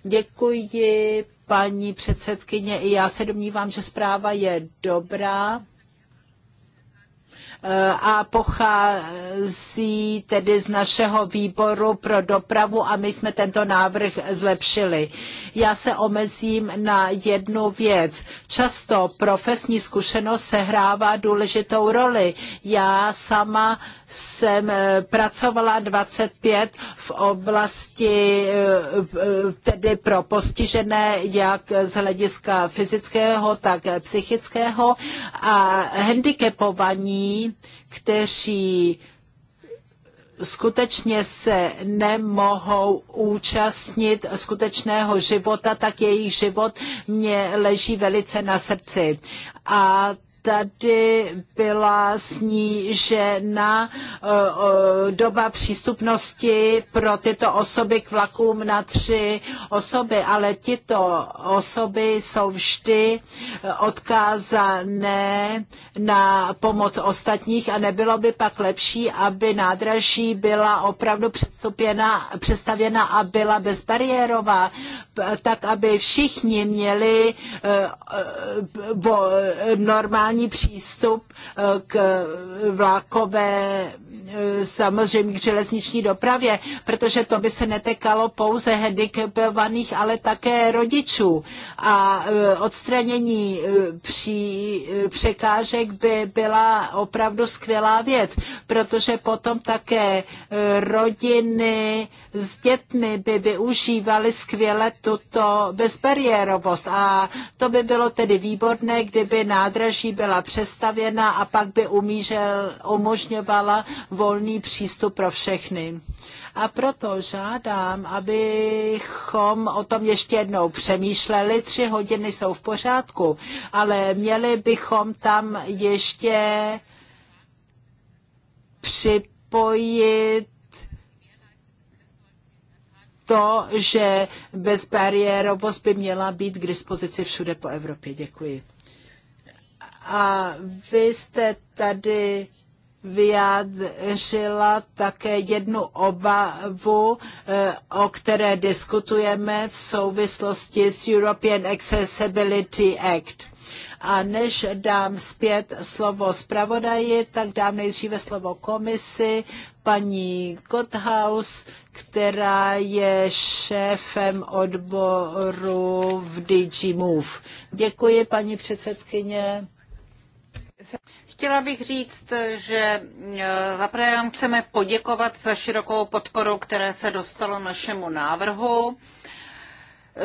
Děkuji paní předsedkyně i já se domnívám, že zpráva je dobrá Eh, a pochází tedy z našeho výboru pro dopravu a my jsme tento návrh zlepšili. Já se omezím na jednu věc. Často profesní zkušenost sehrává důležitou roli. Já sama jsem eh, pracovala 25 v oblasti eh, eh, tedy pro postižené jak z hlediska fyzického, tak psychického a handicapovaní, kteří skutečně se nemohou účastnit skutečného života, tak jejich život mě leží velice na srdci. A tady byla snížena eh, eh, doba přístupnosti pro tyto osoby k vlakům na tři osoby, ale tyto osoby jsou vždy eh, odkázané na pomoc ostatních a nebylo by pak lepší, aby nádraží byla opravdu přestavěna a byla bezbariérová, tak aby všichni měli normální normální přístup eh, k eh, vlákové, eh, samozřejmě k železniční dopravě, protože to by se netekalo pouze handicapovaných, ale také rodičů. A odstranění při překážek by byla opravdu skvělá věc, protože potom také rodiny s dětmi by využívaly skvěle tuto bezbariérovost. A to by bylo tedy výborné, kdyby nádraží bylo byla přestavěna a pak by umížel, umožňovala volný přístup pro všechny. A proto žádám, abychom o tom ještě jednou přemýšleli. Tři hodiny jsou v pořádku, ale měli bychom tam ještě připojit to, že bezbariérovost by měla být k dispozici všude po Evropě. Děkuji. A vy jste tady vyjádřila také jednu obavu, eh, o které diskutujeme v souvislosti s European Accessibility Act. A než dám zpět slovo zpravodaji, tak dám nejdříve slovo komisi, paní Kothaus, která je šéfem odboru v DG Move. Děkuji, paní předsedkyně. Chtěla bych říct, že e, zaprvé vám chceme poděkovat za širokou podporu, které se dostalo našemu návrhu.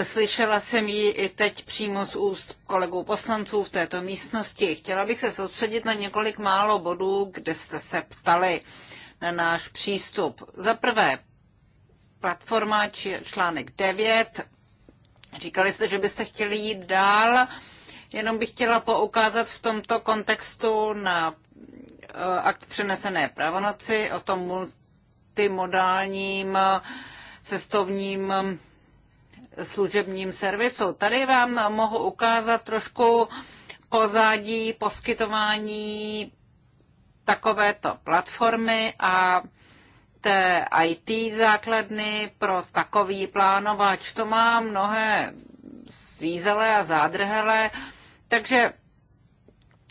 Slyšela jsem ji i teď přímo z úst kolegů poslanců v této místnosti. Chtěla bych se soustředit na několik málo bodů, kde jste se ptali na náš přístup. Za prvé, platforma či článek 9. Říkali jste, že byste chtěli jít dál. Jenom bych chtěla poukázat v tomto kontextu na eh, akt přenesené pravonoci, o tom multimodálním eh, cestovním eh, služebním servisu. Tady vám mohu ukázat trošku pozadí poskytování takovéto platformy a té IT základny pro takový plánovač. To má mnohé svízele a zádrhele. Takže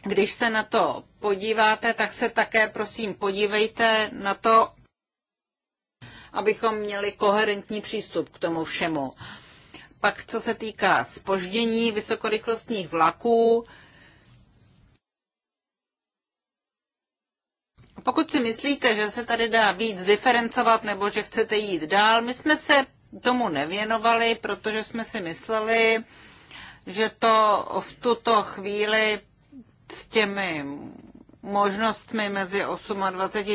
když se na to podíváte, tak se také prosím podívejte na to, abychom měli koherentní přístup k tomu všemu. Pak co se týká spoždění vysokorychlostních vlaků, pokud si myslíte, že se tady dá víc diferencovat nebo že chcete jít dál, my jsme se tomu nevěnovali, protože jsme si mysleli, že to v tuto chvíli s těmi možnostmi mezi 28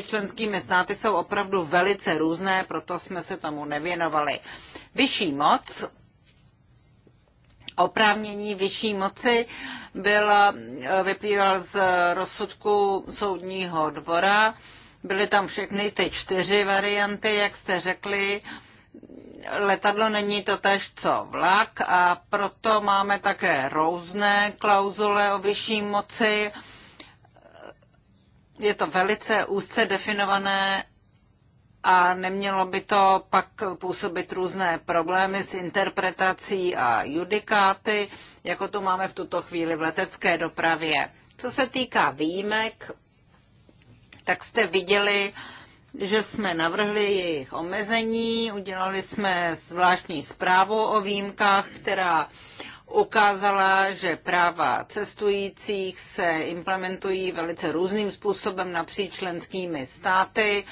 členskými státy jsou opravdu velice různé, proto jsme se tomu nevěnovali. Vyšší moc, oprávnění vyšší moci byl, vyplýval z rozsudku soudního dvora. Byly tam všechny ty čtyři varianty, jak jste řekli letadlo není to tež co vlak a proto máme také různé klauzule o vyšší moci. Je to velice úzce definované a nemělo by to pak působit různé problémy s interpretací a judikáty, jako to máme v tuto chvíli v letecké dopravě. Co se týká výjimek, tak jste viděli, že jsme navrhli jejich omezení, udělali jsme zvláštní zprávu o výjimkách, která ukázala, že práva cestujících se implementují velice různým způsobem napříč členskými státy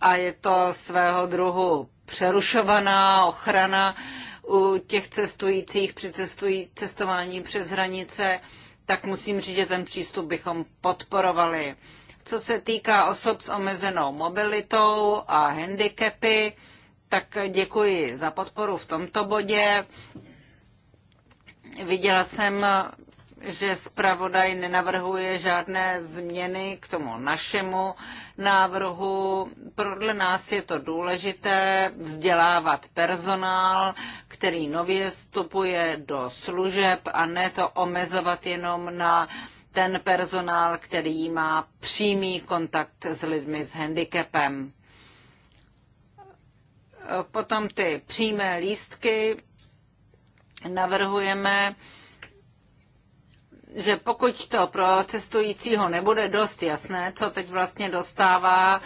a je to svého druhu přerušovaná ochrana u těch cestujících při cestují, cestování přes hranice, tak musím říct, že ten přístup bychom podporovali. Co se týká osob s omezenou mobilitou a handicapy, tak děkuji za podporu v tomto bodě. Viděla jsem, že zpravodaj nenavrhuje žádné změny k tomu našemu návrhu. Podle nás je to důležité vzdělávat personál, který nově vstupuje do služeb a ne to omezovat jenom na uh, ten personál, který má přímý kontakt s lidmi s handicapem. Potom ty přímé lístky navrhujeme, že pokud to pro cestujícího nebude dost jasné, co teď vlastně dostává,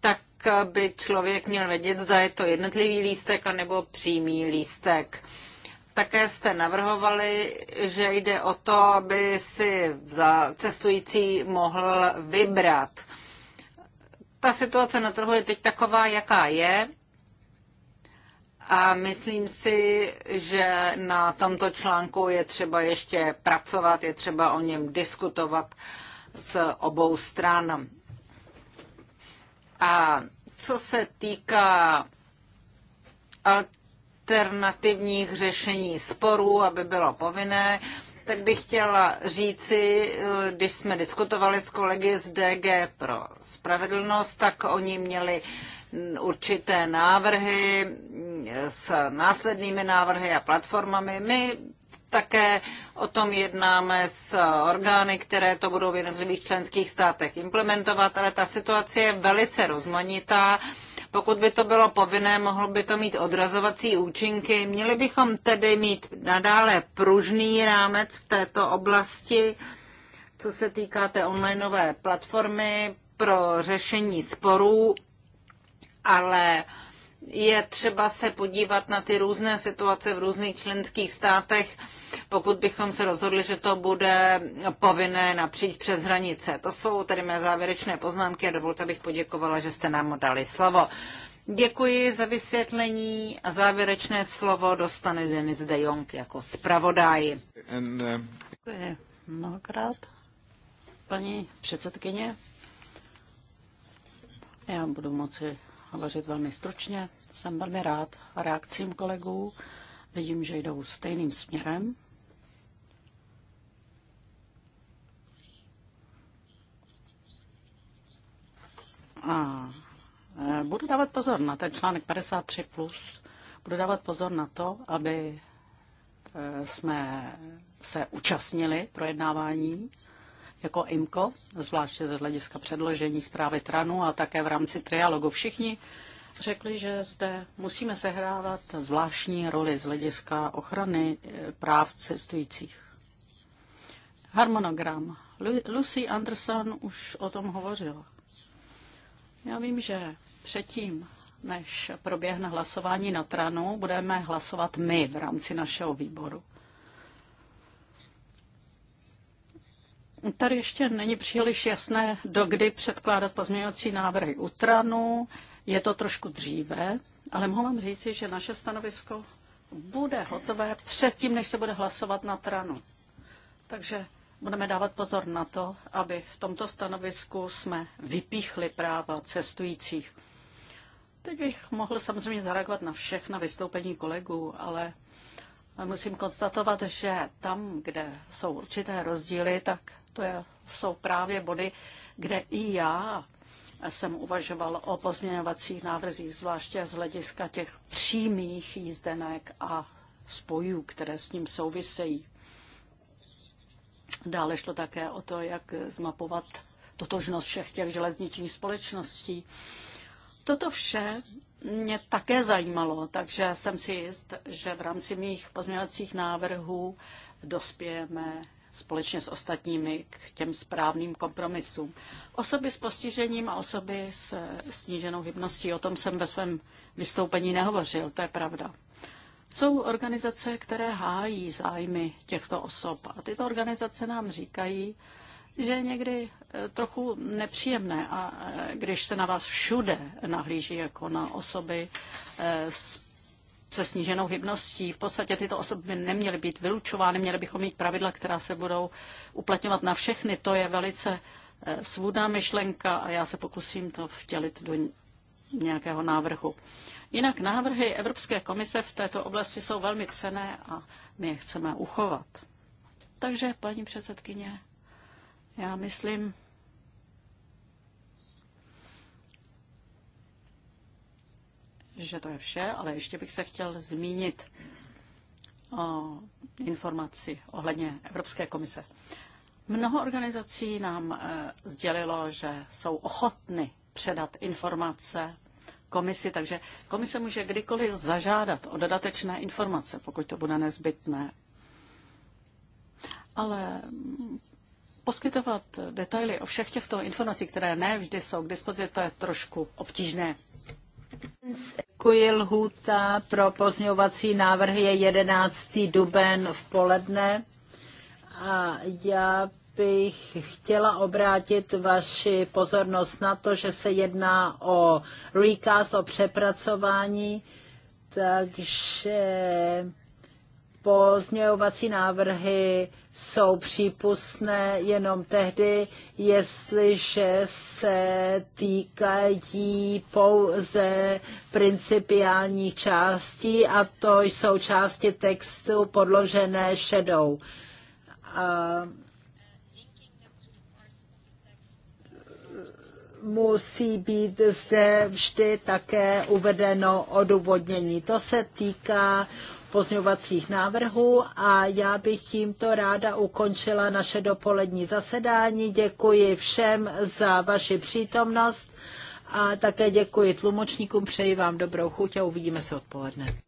tak by člověk měl vědět, zda je to jednotlivý lístek anebo přímý lístek také jste navrhovali, že jde o to, aby si za cestující mohl vybrat. Ta situace na trhu je teď taková, jaká je. A myslím si, že na tomto článku je třeba ještě pracovat, je třeba o něm diskutovat s obou stran. A co se týká alternativních řešení sporů, aby bylo povinné, tak bych chtěla říci, když jsme diskutovali s kolegy z DG pro spravedlnost, tak oni měli určité návrhy s následnými návrhy a platformami. My také o tom jednáme s orgány, které to budou v jednotlivých členských státech implementovat, ale ta situace je velice rozmanitá pokud by to bylo povinné, mohlo by to mít odrazovací účinky. Měli bychom tedy mít nadále pružný rámec v této oblasti, co se týká té onlineové platformy pro řešení sporů, ale je třeba se podívat na ty různé situace v různých členských státech, pokud bychom se rozhodli, že to bude povinné napříč přes hranice. To jsou tedy mé závěrečné poznámky a dovolte, abych poděkovala, že jste nám dali slovo. Děkuji za vysvětlení a závěrečné slovo dostane Denis de Jong jako zpravodaj. Uh, Děkuji mnohokrát, paní předsedkyně. Já budu moci hovořit velmi stručně. Jsem velmi rád reakcím kolegů Vidím, že jdou stejným směrem. A e, budu dávat pozor na ten článek 53+. Plus. Budu dávat pozor na to, aby e, jsme se účastnili projednávání jako IMCO, zvláště z hlediska předložení zprávy TRANu a také v rámci trialogu. Všichni řekli, že zde musíme sehrávat zvláštní roli z hlediska ochrany eh, práv cestujících. Harmonogram. Lucy Anderson už o tom hovořila. Já vím, že předtím, než proběhne hlasování na Tranu, budeme hlasovat my v rámci našeho výboru. Tady ještě není příliš jasné, do kdy předkládat pozměňovací návrhy u Tranu. Je to trošku dříve, ale mohu vám říci, že naše stanovisko bude hotové předtím, než se bude hlasovat na tranu. Takže budeme dávat pozor na to, aby v tomto stanovisku jsme vypíchli práva cestujících. Teď bych mohl samozřejmě zareagovat na všechna vystoupení kolegů, ale musím konstatovat, že tam, kde jsou určité rozdíly, tak to je, jsou právě body, kde i já jsem uvažoval o pozměňovacích návrzích, zvláště z hlediska těch přímých jízdenek a spojů, které s ním souvisejí. Dále šlo také o to, jak zmapovat totožnost všech těch železničních společností. Toto vše mě také zajímalo, takže jsem si jist, že v rámci mých pozměňovacích návrhů dospějeme společně s ostatními k těm správným kompromisům. Osoby s postižením a osoby s sníženou hybností, o tom jsem ve svém vystoupení nehovořil, to je pravda. Jsou organizace, které hájí zájmy těchto osob a tyto organizace nám říkají, že je někdy eh, trochu nepříjemné, a eh, když se na vás všude nahlíží jako na osoby eh, s se sníženou hybností. V podstatě tyto osoby by neměly být vylučovány, měli bychom mít pravidla, která se budou uplatňovat na všechny. To je velice eh, svůdná myšlenka a já se pokusím to vtělit do nějakého návrhu. Jinak návrhy Evropské komise v této oblasti jsou velmi cené a my je chceme uchovat. Takže, paní předsedkyně, já myslím, že to je vše, ale ještě bych se chtěl zmínit o informaci ohledně Evropské komise. Mnoho organizací nám eh, sdělilo, že jsou ochotny předat informace komisi, takže komise může kdykoliv zažádat o dodatečné informace, pokud to bude nezbytné. Ale mm, poskytovat detaily o všech těchto informací, které ne vždy jsou k dispozici, to je trošku obtížné. Děkuji. Lhůta pro pozňovací návrhy je 11. duben v poledne. A já bych chtěla obrátit vaši pozornost na to, že se jedná o recast, o přepracování, takže pozměňovací návrhy jsou přípustné jenom tehdy, jestliže se týkají pouze principiálních částí a to jsou části textu podložené šedou. A musí být zde vždy také uvedeno odůvodnění. To se týká pozňovacích návrhů a já bych tímto ráda ukončila naše dopolední zasedání. Děkuji všem za vaši přítomnost a také děkuji tlumočníkům, přeji vám dobrou chuť a uvidíme se odpoledne.